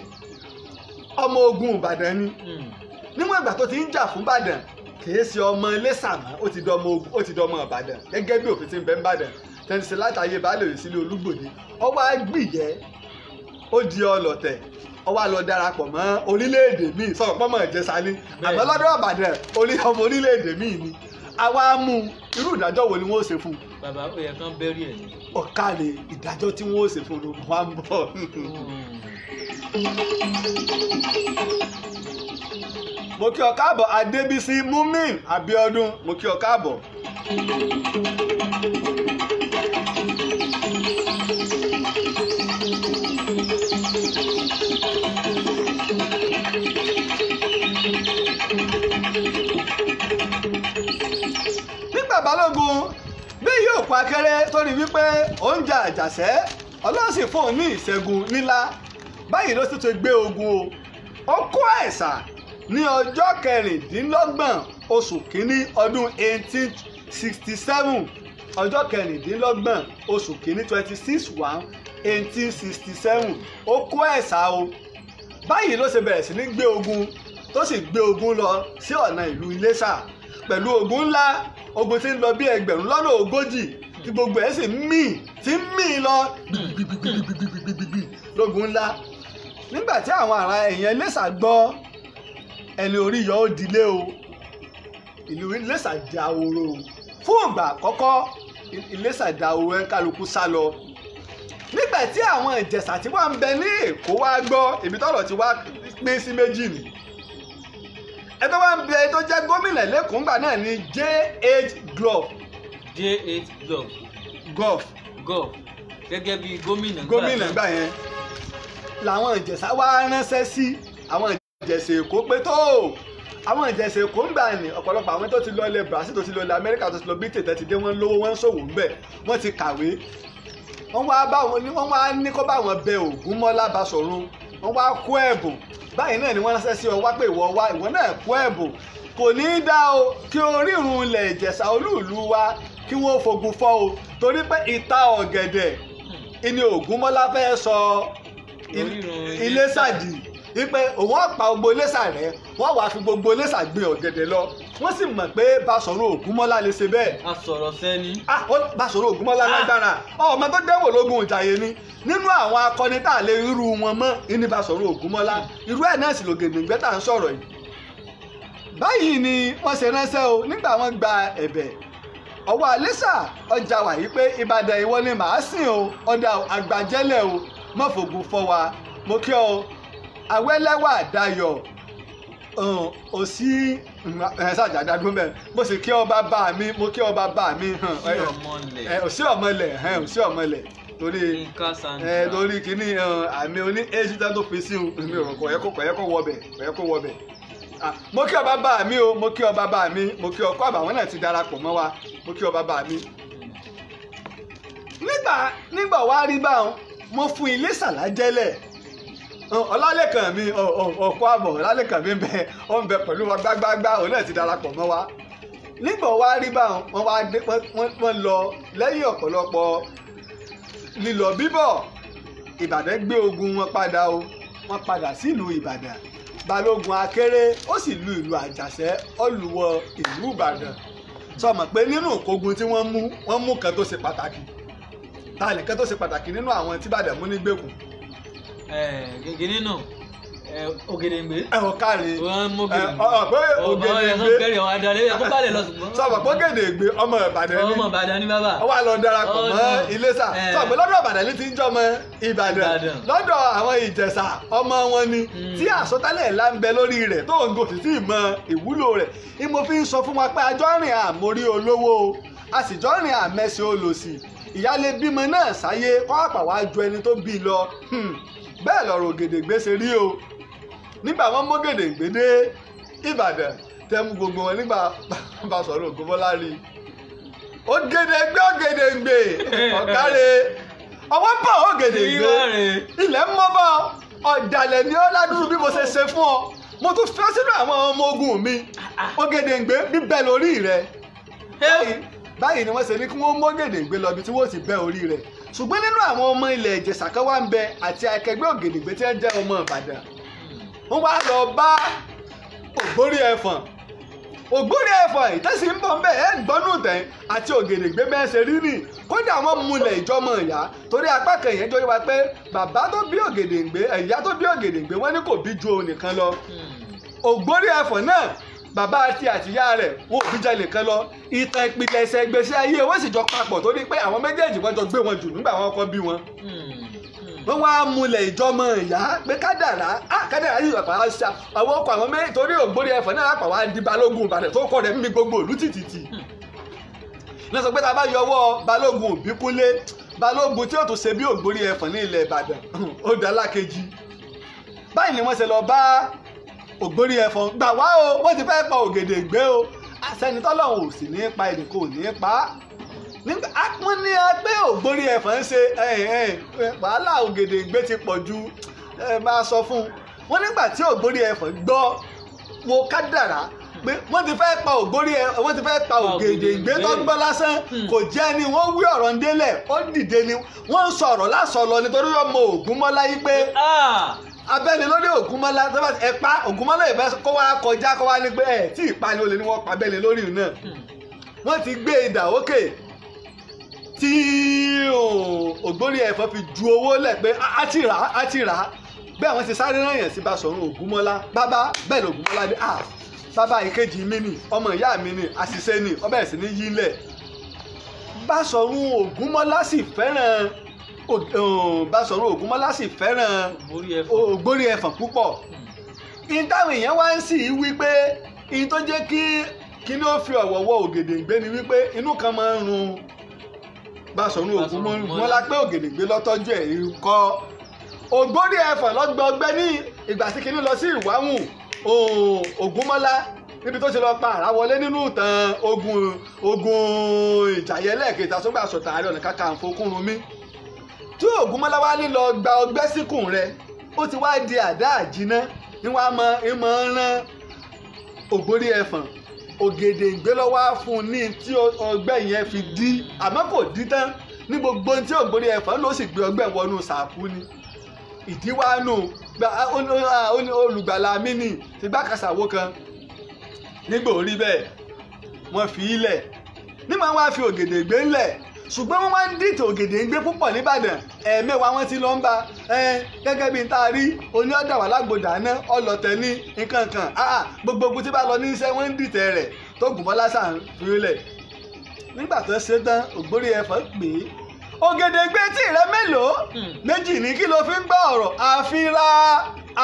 S2: ọmọ ogun Ìbàdàn ni hmm. níwọ̀n ìgbà tó ti ń jà fún Ìbàdàn kìí ṣe ọmọ Iléṣà mọ́ ó ti dọmọ ogun ó ti dọmọ Ìbàdàn gẹ́gẹ́ bí òfin ti ń bẹ Ìbàdàn tẹ̀sí látàyè baálé òyìn sílé Olúgbòde ọwọ́ agbìyẹ ó di ọlọ̀tẹ̀ ọwọ́ àlọ́ darapọ̀ mọ́ orílẹ̀-èdè míì sọ̀rọ̀ pọ́nmọ́ ìjẹsà ni àmọ́ lọ́dọ̀ Ìbàdàn orí ọmọ orílẹ̀-èdè míì ni àwa mú irú ìdájọ́ wo ni wọ́n ṣe fún un.
S4: bàbá kò yẹ kán bẹ́rí ẹ̀.
S2: ọ̀ka lè ìdájọ́ tí wọ́n ṣe fún un wá ń bọ̀. mo kí ọ káàbọ̀ adébísí mumin abiodun mo kí ọ káàbọ̀. thank you balógun bí yóò pa kẹ́rẹ́ torí wípé oúnjẹ àjàṣẹ́ ọlọ́run sì fún òun ní ìṣẹ́gun nílá báyìí ló sì ti gbé ogun o ó kó ẹ̀sà ní ọjọ́ kẹrìndínlọ́gbọ̀n oṣù kínní ọdún 1867, sixty seven ọjọ́ kẹrìndínlọ́gbọ̀n oṣù kínní 26 six one eighteen sixty seven ó kó ẹ̀sà o báyìí ló ṣe bẹ̀rẹ̀ sí ní gbé ogun tó sì gbé ogun lọ sí ọ̀nà ìlú Iléṣà pẹ̀lú ogun ńlá ogun ti ń lọ bí ẹgbẹ̀rún lọ́nà ogójì tí gbogbo ẹ̀ sì ń mì tí ń mì lọ gbìgbìgbìgbìgbìgbìgbì lógun ńlá nígbà tí àwọn ará ẹ̀yìn Iléṣà gbọ́ ẹni orí yọ ó dilé o ìlú Iléṣà dahoro fún ìgbà àkọ́kọ́ Iléṣà dahoro ẹ̀ kálukú sá lọ nígbà tí àwọn Ìjẹ̀ṣà tí wọ́n ń bẹ ní Èkó wá gbọ́ ibi ti wá pín sí méjì ẹ tó wá ń bẹ ẹ tó jẹ́ gómìnà lẹ́kùn gbà náà ni J.H. Glove.
S4: J.H. Glove. Glove. Glove gẹ́gẹ́ bí gómìnà gbà yẹn. gómìnà gbà
S2: yẹn làwọn ìjẹ̀ṣà wá ránṣẹ́ sí àwọn ìjẹ̀ṣà èkó pé tó àwọn ìjẹ̀ṣà èkó ń gbà ní ọ̀pọ̀lọpọ̀ àwọn tó ti lọ ilẹ̀ Brazil tó ti lọ ilẹ̀ Amẹ́ríkà tó ti lọ Britain tẹ́tí dé wọ́n lówó wọ́n ṣòwò ńbẹ̀ wọ́n ti kàwé wọ́n wá bá wọn ní wọ́n wá ní kó bá wọn bẹ Ògúnmọ́lá Basọ̀run wọ́n wá kó ẹ̀bùn báyìí náà ni wọ́n ránṣẹ́ sí ọ wá pé ìwọ wá ìwọ náà kó ẹ̀bùn kò ní í dá o kí orírun ilẹ̀ ìjẹ̀ṣà olúùlú wa kí wọ́n fogun fọ́ o torí pé ìta ọ̀gẹ̀dẹ̀ ìní ògúnmọ́lá fẹ́ sọ ilé sàdì wípé òun ọ̀pá gbogbo ilé sàrẹ́ wọ́n wàá fi gbogbo ilé sàgbìn ọ̀gẹ̀dẹ̀ lọ wọ́n sì mọ̀ pé Basọ̀rọ̀ Ògúnmọ́lá lè ṣe bẹ́ẹ̀.
S4: asọ̀rọ̀ sẹ́ni.
S2: Ah, Basọ̀rọ̀ Ògúnmọ́lá ah. lágbára ọmọ tó dẹ́wò lógun ìjàyè ni nínú àwọn akọni tá a lè rírú wọn mọ́ ní Basọ̀rọ̀ Ògúnmọ́lá irú ẹ̀ náà sì lògèdè ìgbẹ́ tá à ń sọ̀rọ̀ yìí. báyìí ni wọ́n ṣe ránṣẹ́ o nígbà wọ́n gba ẹ̀bẹ̀ ọwọ́ alẹ́sà ọjà wà yí pé Ìbàdàn ìwọ ni màá o ọ̀dà àgbàjẹ́lẹ̀ o mọ̀fògùn fọ wa mo kí ọ awẹ́lẹ́wà dayọ̀ ẹ ṣàjà dádúró mẹ mo sì kí ọba bá mi mo kí ọba bá mi hàn ẹ òsì ọmọlẹ ẹ òsì ọmọlẹ torí ẹ torí kíní àmì oní éjì tó fi sí mi ò kọ̀ ẹ̀kọ́ ẹ̀kọ́ wọbẹ̀ ẹ̀kọ́ wọbẹ̀ mo kí ọba bá mi o mo kí ọba bá mi mo kí ọkọ àbàwọn náà ti darapọ̀ mọ́ wa mo kí ọba bá mi. nígbà nígbà wá rí báwọn mo fún ilé sàlájẹ́lẹ̀ ọlálẹ́kàn mi ọ̀kọ́ àbọ̀ ọlálẹ́kàn mi bẹ ọ ń bẹ pẹ̀lú wa gbágbágbá òun náà ti darapọ̀ mọ́ wa nígbà wá rí bá wọn wá dé wọn lọ lẹ́yìn ọ̀pọ̀lọpọ̀ lílọ bíbọ̀ Ìbàdàn gbé ogun wọn padà o wọn padà sílùú Ìbàdàn Balógun Akéré ó sì lu ìlú Àjàṣẹ́ ọlùwọ ìlú Ìbàdàn sọmọ pé nínú ìkógun tí wọ́n mú wọ́n mú kan tó ṣe pàtàkì ta nìkan tó ṣe pàtàkì nínú àwọn tí Ìbàdàn mú nígbèkùn
S4: gègé nù ògèdèǹgbé. ẹ ò káre ọ̀pẹ ògèdèǹgbé
S2: sọ̀rọ̀ pé ògèdèǹgbé ọmọ ìbàdàn ni ọmọ ìbàdàn ni bàbá ó wà lọ darapọ̀ mọ́ Iléṣà sọ̀rọ̀ pé lọ́dọ̀ ìbàdàn ní ti ń jọmọ ìbàdàn lọ́dọ̀ àwọn ìjẹ̀ṣà ọmọ wọn ni hmm. tí àsọtálẹ̀ ńlá ń bẹ lórí rẹ̀ tó ń gòsì sí ìmọ̀ ìwúlò rẹ̀ ni mo fi ń sọ fún wa pé àjọrìn àmórí olówó a sì jọrìn àmẹ́sẹ̀ olòṣì ìyáálé bímọ náà sáyé kọ́ àpàwájú ẹni tó bí lọ hmm. bẹ́ẹ̀ lọ̀rọ̀ Ògèdèngbé ṣe rí o nígbà wọn dé Ìbàdàn gbogbo wọn nígbà bá sọ̀rọ̀ rí ọwọ́ bọ̀ ilẹ̀ mọ́ ni ó bí mo ṣe ṣe fún ọ mo àwọn ọmọ ogun mi bí bíbẹ́ lórí rẹ báyìí ni wọ́n ṣe ní kí wọ́n ṣùgbọ́n nínú àwọn ọmọ ilẹ̀ ìjẹ̀ṣà kan wá ń bẹ àti akẹgbẹ́ ògèdègbè tí wọ́n jẹ́ ọmọ ìbàdàn wọ́n wá lọ bá ògbórí ẹ̀fọ̀n ògbórí ẹ̀fọ̀n ìtẹ́sí ń bọ̀ ń bẹ̀ ẹ̀ ń gbọ́nú tẹ̀ àti ògèdègbè bẹ́ẹ̀ ṣe rí nì kódà wọ́n múlẹ̀ ìjọmọ ìyá torí apá kan yẹn jọyọ̀ wá pé bàbá tó bí ògèdègbè ìyá tó bí ògèdègbè wọ́n ní kò bí ju òun nìkan lọ hmm. ògbórí ẹ̀fọ̀n náà bàbá àti àtìyá rẹ̀ wọn ò fi jalè kan lọ ìtàn ìpìlẹ̀ṣẹ̀ gbèsè ayé wọn sì jọ papọ̀ torí pé àwọn méjèèjì wọn jọ gbé wọn jù nígbà wọn kọ́ bí wọn wọ́n wá múlẹ̀ ìjọmọ ìyá pé kádàrá á ah, kádàrá yìí bàbá á ṣá àwọn ọkọ̀ àwọn mẹ́rin torí ògbórí ẹ̀fọ́ náà àpà wá di balógun ìbàdàn tó kọ́ rẹ̀ mímí gbogbo ìlú tìtìtì. ní sọ pé tá a bá yọ ọwọ́ balógun òbíkúnlé balógun tí yóò tún ṣe bí ògbórí ẹ̀fọ́ ní ilẹ̀ ìbàdàn ó dá báyìí ni wọ́n ṣe lọ bá ògbórí ẹ̀fọn gbà wá o wọ́n ti fẹ́ pa ògèdè gbé o àṣẹni tọ́lọ́hún ò sì ní pa ẹnìkan ò ní pa á nígbà wọ́n ní a pé ògbórí ẹ̀fọn ń ṣe wàhálà ògèdè gbé ti pọ̀ ju máa sọ fún un wọ́n nígbà tí ògbórí ẹ̀fọn gbọ́ wo kádàrá pé ti fẹ́ pa ògbórí ẹ wọ́n ti fẹ́ pa ògèdè ìgbé tó lásán hmm. kò jẹ́ ni wọ́n wí ọ̀rọ̀ ń délẹ̀ ó dìde ni wọ́n ń sọ̀rọ̀ lásọ̀lọ nítorí ọmọ Ògúnmọ́lá yìí pé ah! abẹ́ni lórí ògúnmọ́lá ẹ̀pá ògúnmọ́lá ìbá kó wá kọjá kó wá ní pé ẹ̀ tí ìpani olè ni wọ́n pa abẹ́ni lórí náà wọ́n ti gbé ìdà e òkè tí ògbórí ẹ̀fọ́ fi ju owó lẹ̀ pé á ti rà á ti rà bẹ́ẹ̀ wọ́n ti sáré rán yẹn sí Basọ̀run ògúnmọ́lá bàbá bẹ́ẹ̀ ni ògúnmọ́lá dé à bàbá ìkejì mi nì ọmọ ìyá mi nì àṣìṣe nì ọbẹ̀ sí ní yílẹ̀ Basọ̀run ògúnmọ́lá sì fẹ́ràn Basọ̀run Ògúnmọ́lá sì fẹ́ràn Ògbórí Ẹ̀fọ̀n púpọ̀ hmm. ní táwọn èèyàn wá ń sì wípé ní tó jẹ́ kí kí ló fi ọ̀wọ̀ wọ Ògèdèngbé ni wípé inú kan máa ń run Basọ̀run Ògúnmọ́lá pé Ògèdèngbé lọ́tọ́jú ẹ̀ kọ́ Ògbórí Ẹ̀fọ̀n lọ́gbọ̀ọ́gbẹ́ ní ìgbà tí kinní lọ sí ìwáhùn Ògúnmọ́lá níbi tó ṣe lọ pa àrá wọlé nínú ìtàn ogun ogun Ìjàyè lẹ́ẹ̀kẹta sọgbà sọ̀tà Ààrẹ Ọ̀nà Kakanfò Kúrunmí tí ògúnmọ́lá wá ní lọ gba ọgbẹ́ síkùn rẹ ó ti wá di àdá àjínà ni wọ́n á mọ ìmọ̀ rán ògbórí ẹ̀fọ̀n ògèdè ìgbélọ́wọ́ á fún un ní tí ọgbẹ́ yẹn fi dí àmọ́ kò dí tán ní gbogbo tí ògbórí ẹ̀fọ̀n ló sì gbé ọgbẹ́ wọnú sàkú ni ìdíwánu olùgbàlà mi ni ti gbá kàṣàwó kan nígbà orí bẹ́ẹ̀ wọ́n fi í lẹ̀ nígbà wọn á fi ògèdè gbé ńlẹ̀ ṣùgbọ́n wọ́n máa ń dìtò ògèdè ń gbé púpọ̀ nìbàdàn ẹ̀ẹ́mẹ́wàá wọn ti lọ ń ba gẹ́gẹ́ bí n ta rí oní ọ̀dà wà lágbòdà ná ọlọ́tẹ̀ ní nǹkan kan gbogbo ogun tí bá lọ ní iṣẹ́ wọ́n ń dìtẹ̀ rẹ̀ tó gùn bọ́lá sàn fúnilẹ̀ nígbà tó ṣe tán ògbórí ẹ̀fọ́ pè é ògèdèǹgbé tí rẹ mélòó hmm. méjì ní kí ló fi ń gbọ́ ọ̀rọ̀ àfira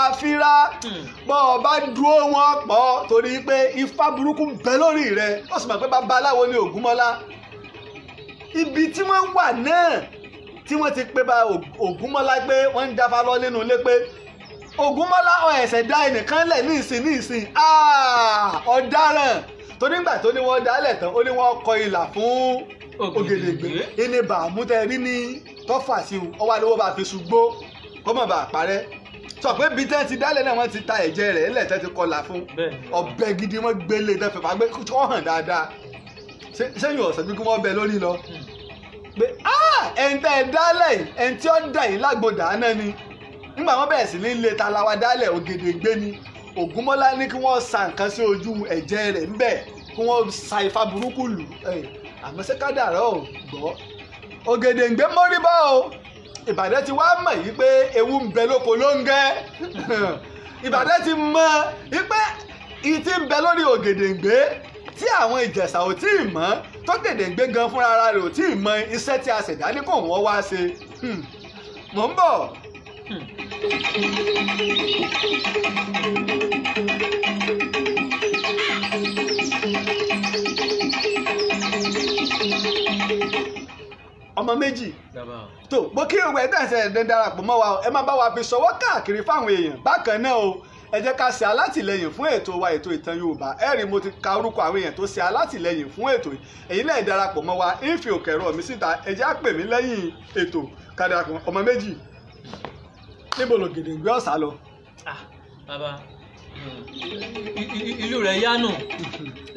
S2: àfira hmm. bọ́ ọ bá dúró wọn pọ̀ torí pé ifá burúkú bẹ lórí rẹ ó sì mọ̀ pé babaláwo ni ògúnmọ́lá ibi tí wọ́n wà náà tí wọ́n ti pé ba Ògúnmọ́lá pé wọ́n ń jáfa lọ nínú ilé pé Ògúnmọ́lá ọ̀ ẹ̀sẹ̀ dá ẹnìkan lẹ̀ ní ìsìn ní ìsìn ah, ọ̀daràn tó nígbà tó ní wọ́n dálẹ̀ tán ó ní wọ́n kọ ìlà fún Ògèdèngbé ẹni bàámú tẹ rí ní tọ́fà sí i ọwọ́ àdéhùn bá fi ṣùgbó kó mọ̀ bá parẹ́ sọ pé bíi tẹ́ dálẹ̀ náà wọ́n ti ta ẹ̀jẹ̀ rẹ̀ ńlẹ̀ ti kọlà fún ọbẹ̀ gidi wọ́n gbélé tẹ́ fẹ́ fà gbé hàn dáadáa sẹ́yìn ọ̀sẹ̀ bí kí wọ́n bẹ lórí lọ pé ah! ẹ̀ǹtẹ̀ dálẹ̀ ẹ̀ǹtí ọ̀ da yín lágbódà áná ni nígbà wọn bẹ̀rẹ̀ sí ní lè talawa dálẹ̀ ògèdè gbé ni Ògúnmọ́lá ní kí wọ́n sa nǹkan sí ojú ẹ̀jẹ̀ rẹ̀ ńbẹ̀ kí wọ́n sa ifá burúkú lù àmọ́ ṣé kádàrá ò gbọ́ ògèdè ń gbé mórí o Ìbàdàn ti wá mọ̀ yìí pé ewu ń bẹ lóko ló ń ti mọ̀ yìí pé ìtì ń bẹ lórí ògèdè gbé tí àwọn ìjẹ̀ṣà ò tí ì mọ̀ tó dèdè gbé gan fúnra rẹ̀ ò tí ì mọ̀ iṣẹ́ tí a ṣẹ̀dá ní kò wọ́n wá ṣe hmm. mò ń bọ̀.
S3: Hmm. ọmọ méjì
S2: tó mo kí ìwé ẹ̀dá ẹ̀sẹ̀ ẹ̀dẹ̀ darapọ̀ mọ́ wa ẹ má bá wa fi ṣọwọ́ káàkiri fáwọn èèyàn bákan náà o ẹ jẹ́ ká ṣe alátìlẹyìn fún ètò wa ètò ìtàn yorùbá ẹ rí mo ti ka orúkọ àwọn èèyàn tó ṣe alátìlẹyìn fún ètò yìí èyí náà darapọ̀ mọ́ wa ìfì òkèrò mi síta ẹ jẹ́ àpè mí lẹ́yìn ètò kàdàkùn ọmọ méjì níbo ló gèdè gbé ọ̀sà lọ.
S4: Ah, bàbá hmm. ìlú rẹ̀ yánù.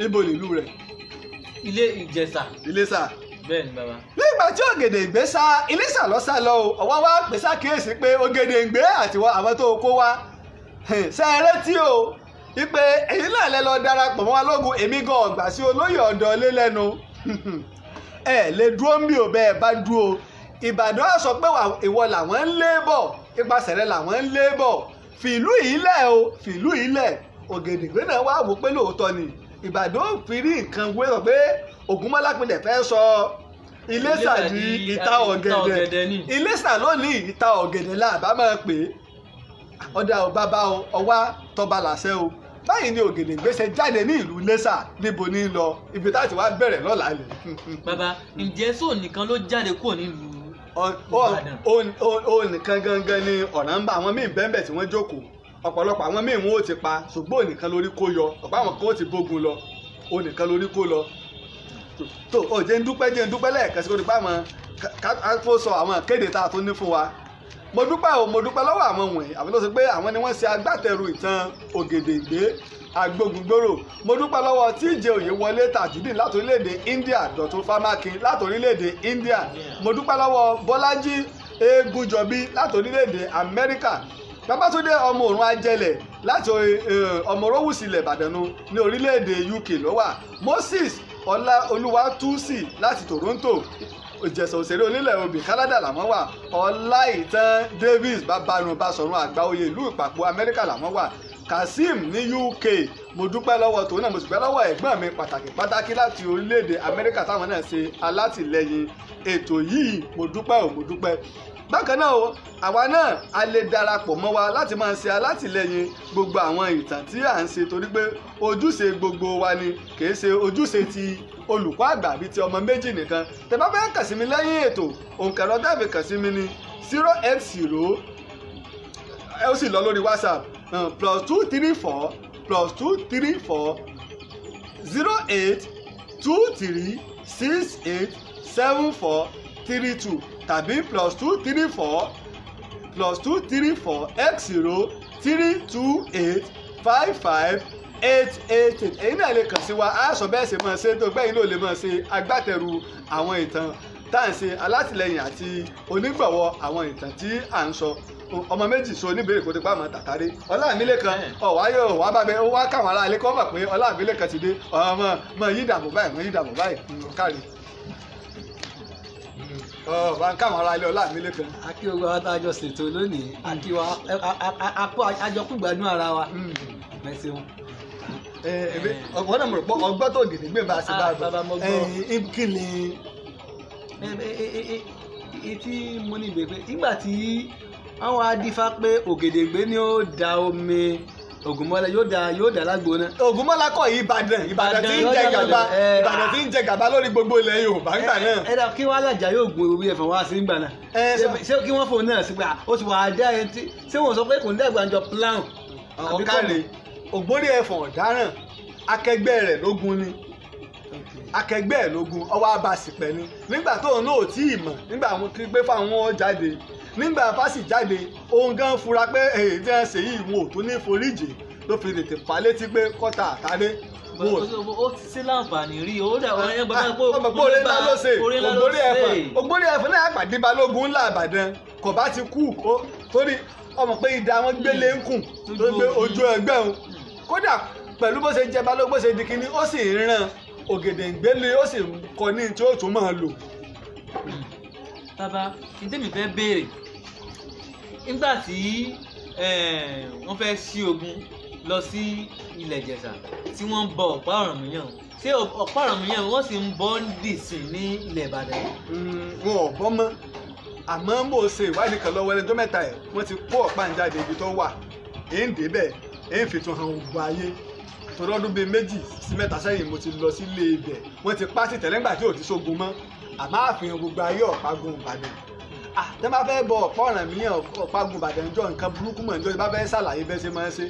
S4: ibo ni ìlú rẹ̀. ilé ìjẹsà. ilé sà bẹ́ẹ̀ni bàbá.
S2: nígbà tí Ògèdèngbé sá Ìlísà lọ sá lọ o wa pèsè àkíyèsí pé Ògèdèngbé àtiwọn àwọn tó kó wa ṣe é létí o wípé èyí náà lẹ lọ darapọ̀ mọ́ alógun èmi gan ọ̀gbà sí olóyè ọ̀dọ́ lé lẹ́nu ẹ lè dúró ń bí o bẹ́ẹ̀ bá dúró ìbàdàn á sọ pé ìwọ làwọn ń lé bọ̀ ipasẹ̀ rẹ làwọn ń lé bọ̀ fìlú ìlẹ̀ o fìlú ìlẹ̀ ògèdègbè náà wà wò pé lóòótọ́ ni ìbàdàn fi rí nǹkan wé sọ pé ògúnmọ́lá pinlẹ̀ fẹ́ sọ
S1: iléṣà di ìta
S2: ọ̀gẹ̀dẹ̀ iléṣà lónìí ìta ọ̀gẹ̀dẹ̀ làbá máa pè é ọ̀dà ò bàbá o ọwá tọba làṣẹ o báyìí ni ògèdè gbèsè jáde ní ìlú lẹ́sà níbo ní lọ ibi tá a ti wá bẹ̀rẹ̀ lọ́la ni.
S4: bàbá ǹjẹ́ sóò nìkan ló jáde kúrò nílùú
S2: Ìbàdàn. o nìkan gangan ni ọ̀ràn ń bá àwọn míì bẹ́ẹ̀ bẹ́ẹ̀ tí wọ́n jókòó ọ̀pọ̀lọpọ̀ àwọn míì wọn ò ti pa ṣùgbọ́n ònìkan lórí kó yọ ọ̀pọ̀ àwọn kan ó ti bógun lọ ònìkan lórí kó lọ. tó o jẹ́ ń dúpẹ́ jẹ́ ń dúpẹ́ lẹ́ẹ̀kan sí kó nípa àwọn o sọ àwọn kéde tá a tún ní fún wa mo dúpẹ́ o mo dúpẹ́ lọ́wọ́ àwọn wọ̀nyí àfi tó ṣe pé àwọn ni wọ́n ṣe agbátẹrù ìtàn Ògèdèngbé agbógungbòrò mo dúpẹ́ lọ́wọ́ tíjẹ òye wọlé tajudeen láti orílẹ̀-èdè India Dọ̀tun Fámákin láti orílẹ̀-èdè India mo dúpẹ́ lọ́wọ́ Bọ́lájí Egunjọbí láti orílẹ̀-èdè Amẹ́ríkà Babátúndé ọmọ òrùn ajẹlẹ̀ láti ọmọ orówùsílẹ̀ Ìbàdàn ní orílẹ̀-èdè UK ló wà Moses Ọlá Olúwatúnsì láti Toronto ìjẹ̀sà òṣèré onílẹ̀ obì kánádà làwọn wà ọláìtàn davis bábarun basọ̀run àgbà oyè ìlú ìpàpọ̀ amẹ́ríkà làwọn wà kazeem ní uk mo dúpẹ́ lọ́wọ́ tòun náà mo sì dúpẹ́ lọ́wọ́ ẹ̀gbọ́n mi pàtàkì pàtàkì láti orílẹ̀-èdè amẹ́ríkà táwọn náà ṣe alátìlẹyìn ètò yìí mo dúpẹ́ ò mo dúpẹ́ bákan náà o àwa náà a lè darapọ̀ mọ́ wa láti máa ṣe alátìlẹyìn gbogbo àwọn ìtàn tí à ń ṣe torí pé ojúṣe gbogbo wa ni kì í ṣe ojúṣe ti olùkọ́ àgbà àbí ti ọmọ méjì nìkan tẹ́ bá fẹ́ kàn sí mi lẹ́yìn ètò òǹkàrọ̀ dẹ́ẹ̀fì kàn sí mi ní zero eight zero ẹ ó sì lọ lórí whatsapp hm, plus two three four plus two three four zero eight two three six eight seven four three two tàbí plus two three four plus two three four x zero three two eight five five eight eight eight èyí náà lè kàn sí wa aṣọ bẹ́ẹ̀ ṣe máa ṣe tó gbẹ̀yìn ló lè máa ṣe agbátẹrù àwọn ìtàn tá à ń ṣe alátìlẹyìn àti onígbọ̀wọ́ àwọn ìtàn tí à ń sọ ọmọ méjì so oníbèrè kó ti pa àmọ́ tàkárí ọlámílẹ́kan ọ̀wáyé ọ̀wá bàbẹ ó wá káwọn aráalé kọ́ mọ̀ pé ọlámílẹ́kan ti dé ọmọ mọ yí dàbò báyìí mọ yí dàbò báyìí kárí ọba ń káwọn aráalé ọlámílẹ́kan. akí ogun àwọn tájọ ṣètò lónìí akí wa àjọkùgbádùn ara wa mẹsìn hmm. wọn. Eh, ọ̀pọ̀ náà mo rò pé ọgbọ́n tó gèdè gbé bá a ṣe bá a gbọ́ ah, eh, kí ni.
S4: Eh,
S2: etí mo ní ìgbè pé nígbà tí àwọn adífá pé ògèdègbé ni ó da omi ògùnmọ́lá yóò da yóò da lágbóná. ògùnmọ́lá kọ́ ìbàdàn ìbàdàn tí ń jẹ gàba ìbàdàn tí ń jẹ gàba lórí gbogbo ilẹ̀ yorùbá ńgbà náà. ẹ dà kí wọn alájà yóò gun orí ẹ̀fọn wá sí ńgbà náà. ṣé kí wọ́n fòun náà sí pé ah, ó ti wà á dá ẹ ti ṣé wọ́n sọ pé kò ní dàgbà jọ plan. ọ̀kárẹ̀ ògbórí ẹ̀fọ̀n ọ̀daràn akẹgbẹ́ rẹ̀ lógun ni akẹgbẹ́ ẹ̀ lógun ọwọ́ abasìpẹ́ ni nígbà tóun náà ò tí ì mọ̀ nígbà wọn kí pé fáwọn jáde nígbà fásì jáde òun gan fura pé èyí tí wọ́n ṣe yìí wọn ò tún ní foríjì ló fi tètè pa létí pé kọ́tà àtàdé
S4: ó ti sí láǹfààní rí ó dà wọn ẹgbẹ́ bá pé orí ńlá ló ṣe ògbórí ẹ̀fọn ògbórí ẹ̀fọn náà àpàdé
S2: balógun ńlá àbàdàn kò bá ti kú kó torí ọmọ pé ìdá wọn gbélé ń kùn tó gbé ojú ẹgbẹ́ òun kódà pẹ̀lú bó ṣe jẹba ló bó ṣe di kínní ó sì ń ràn ògèdèǹgbé lé ó sì kọ ní tí ó tún máa lò.
S4: bàbá ìdẹ́mi fẹ́ béèrè nígbà tí wọ́n fẹ́ sí ogun lọ sí ilẹ̀ Ìjẹ̀ṣà tí wọ́n ń bọ ọ̀pá ọ̀rànmíyàn ṣé ọ̀pá ọ̀rànmíyàn wọ́n sì ń bọ́ ń dì sí ní ilẹ̀ Ìbàdàn. wọn ò bọ́ mọ́
S2: àmọ́ mo ṣe ìwádìí kan lọ́wọ́ ẹni tó mẹ́ta ẹ̀ wọ́n ti kó ọ̀pá ń jáde ibi tó wà èyí ń dé bẹ́ẹ̀ èyí fi tún hàn gbogbo ayé torí ọdún bíi méjì sí mẹ́ta sẹ́yìn mo ti lọ sílé ibẹ̀ wọ́n ti pàṣẹ tẹ̀lẹ́ngbà tí ò ti sógun mọ́ àmọ́ àfihàn gbogbo ayé ọ̀págun ìbàdàn ah, tẹ́ bá fẹ́ bọ ọ̀pá ọ̀ràn mìíràn ọ̀págun ìbàdàn jọ nǹkan burúkú mọ̀ níjọ́ bá fẹ́ ṣàlàyé bẹ́ẹ̀ ṣe máa ń ṣe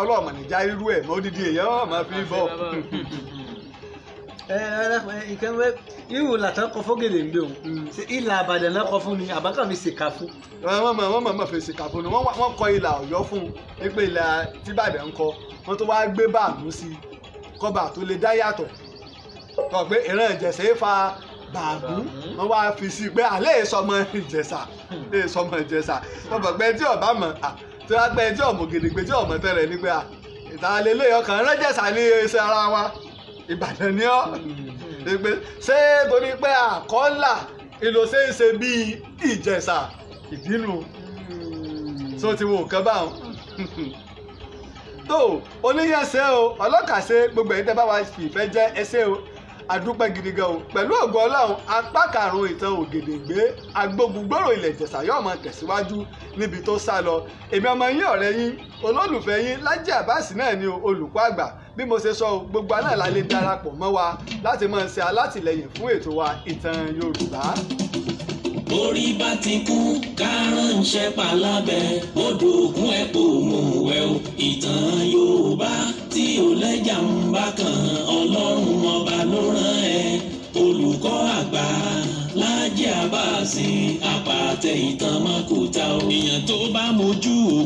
S2: ọlọ́ọ̀mọ̀ níjà irú ẹ̀ mọ́ dídí èèyàn ọ̀ máa fi bọ̀ ìkan wẹ ihu làtàn kọ fọgẹlẹ ń bẹ o ṣe ilà àbàdàn náà kọ fún ni àbákan mi ṣèkà fún. wọ́n mọ̀ wọ́n mọ̀ mọ̀ fẹ́ ṣèkà fún ni wọ́n kọ ilà ọ̀yọ́ fún un nípa ilà tíbàdàn ń kọ wọ́n tó wá gbé báàmù sí i kọba tó lè dá yàtọ̀ kọ pé ìran ìjẹ̀ṣẹ̀ fa bàbú wọ́n wá fi sí i pé àlẹ́ ìsọmọ ìjẹ̀ṣà ìsọmọ ìjẹ̀ṣà wọ́n bọ̀ pé tí ọba mọ̀ tí wọ́n pẹ́ tí ọmọ gèdègbè tí ọmọ tẹ́lẹ̀ nígbà ìtàlélẹ́yọkàn rẹ́jẹ̀ṣà ní iṣẹ́ ara wa ìbàdàn ni ọ́ ìpè ṣé torí pé àkọ́là ìlò ṣe ń ṣe bíi ìjẹ̀ṣà ìbínú tó ti wo nǹkan báwọn tó oníyẹ̀ṣẹ́ o ọlọ́kàṣe gbogbo ẹ̀yin tẹ́ bá wa fìfẹ́ jẹ́ ẹṣẹ́ o adúpẹ́ gidi gan o pẹ̀lú ògo ọlọ́run apá karùn-ún ìtàn Ògèdèngbé agbógungbòrò ilẹ̀ Ìjẹ̀ṣà yóò máa tẹ̀síwájú níbi tó sá lọ èmi ọmọ yín ọ̀rẹ́ yín olólùfẹ́ yín Lájí Abbas náà ni olùkọ́ àgbà bí mo ṣe sọ gbogbo aná la darapọ̀ mọ́ wa láti máa ṣe alátìlẹyìn fún ètò wa ìtàn Yorùbá
S1: borí bá ti kú kárànṣẹ́ palábẹ́ odò ògùn ẹ̀pọ̀ mọ̀wẹ́ o ìtàn Yorùbá tí ò lẹ́jà ń bá kan Ọlọ́run ọba ló rán ẹ olùkọ́ àgbà Láàjì Àbáàsì àpàtẹ ìtàn mọ́kúta o èèyàn tó bá mojú o.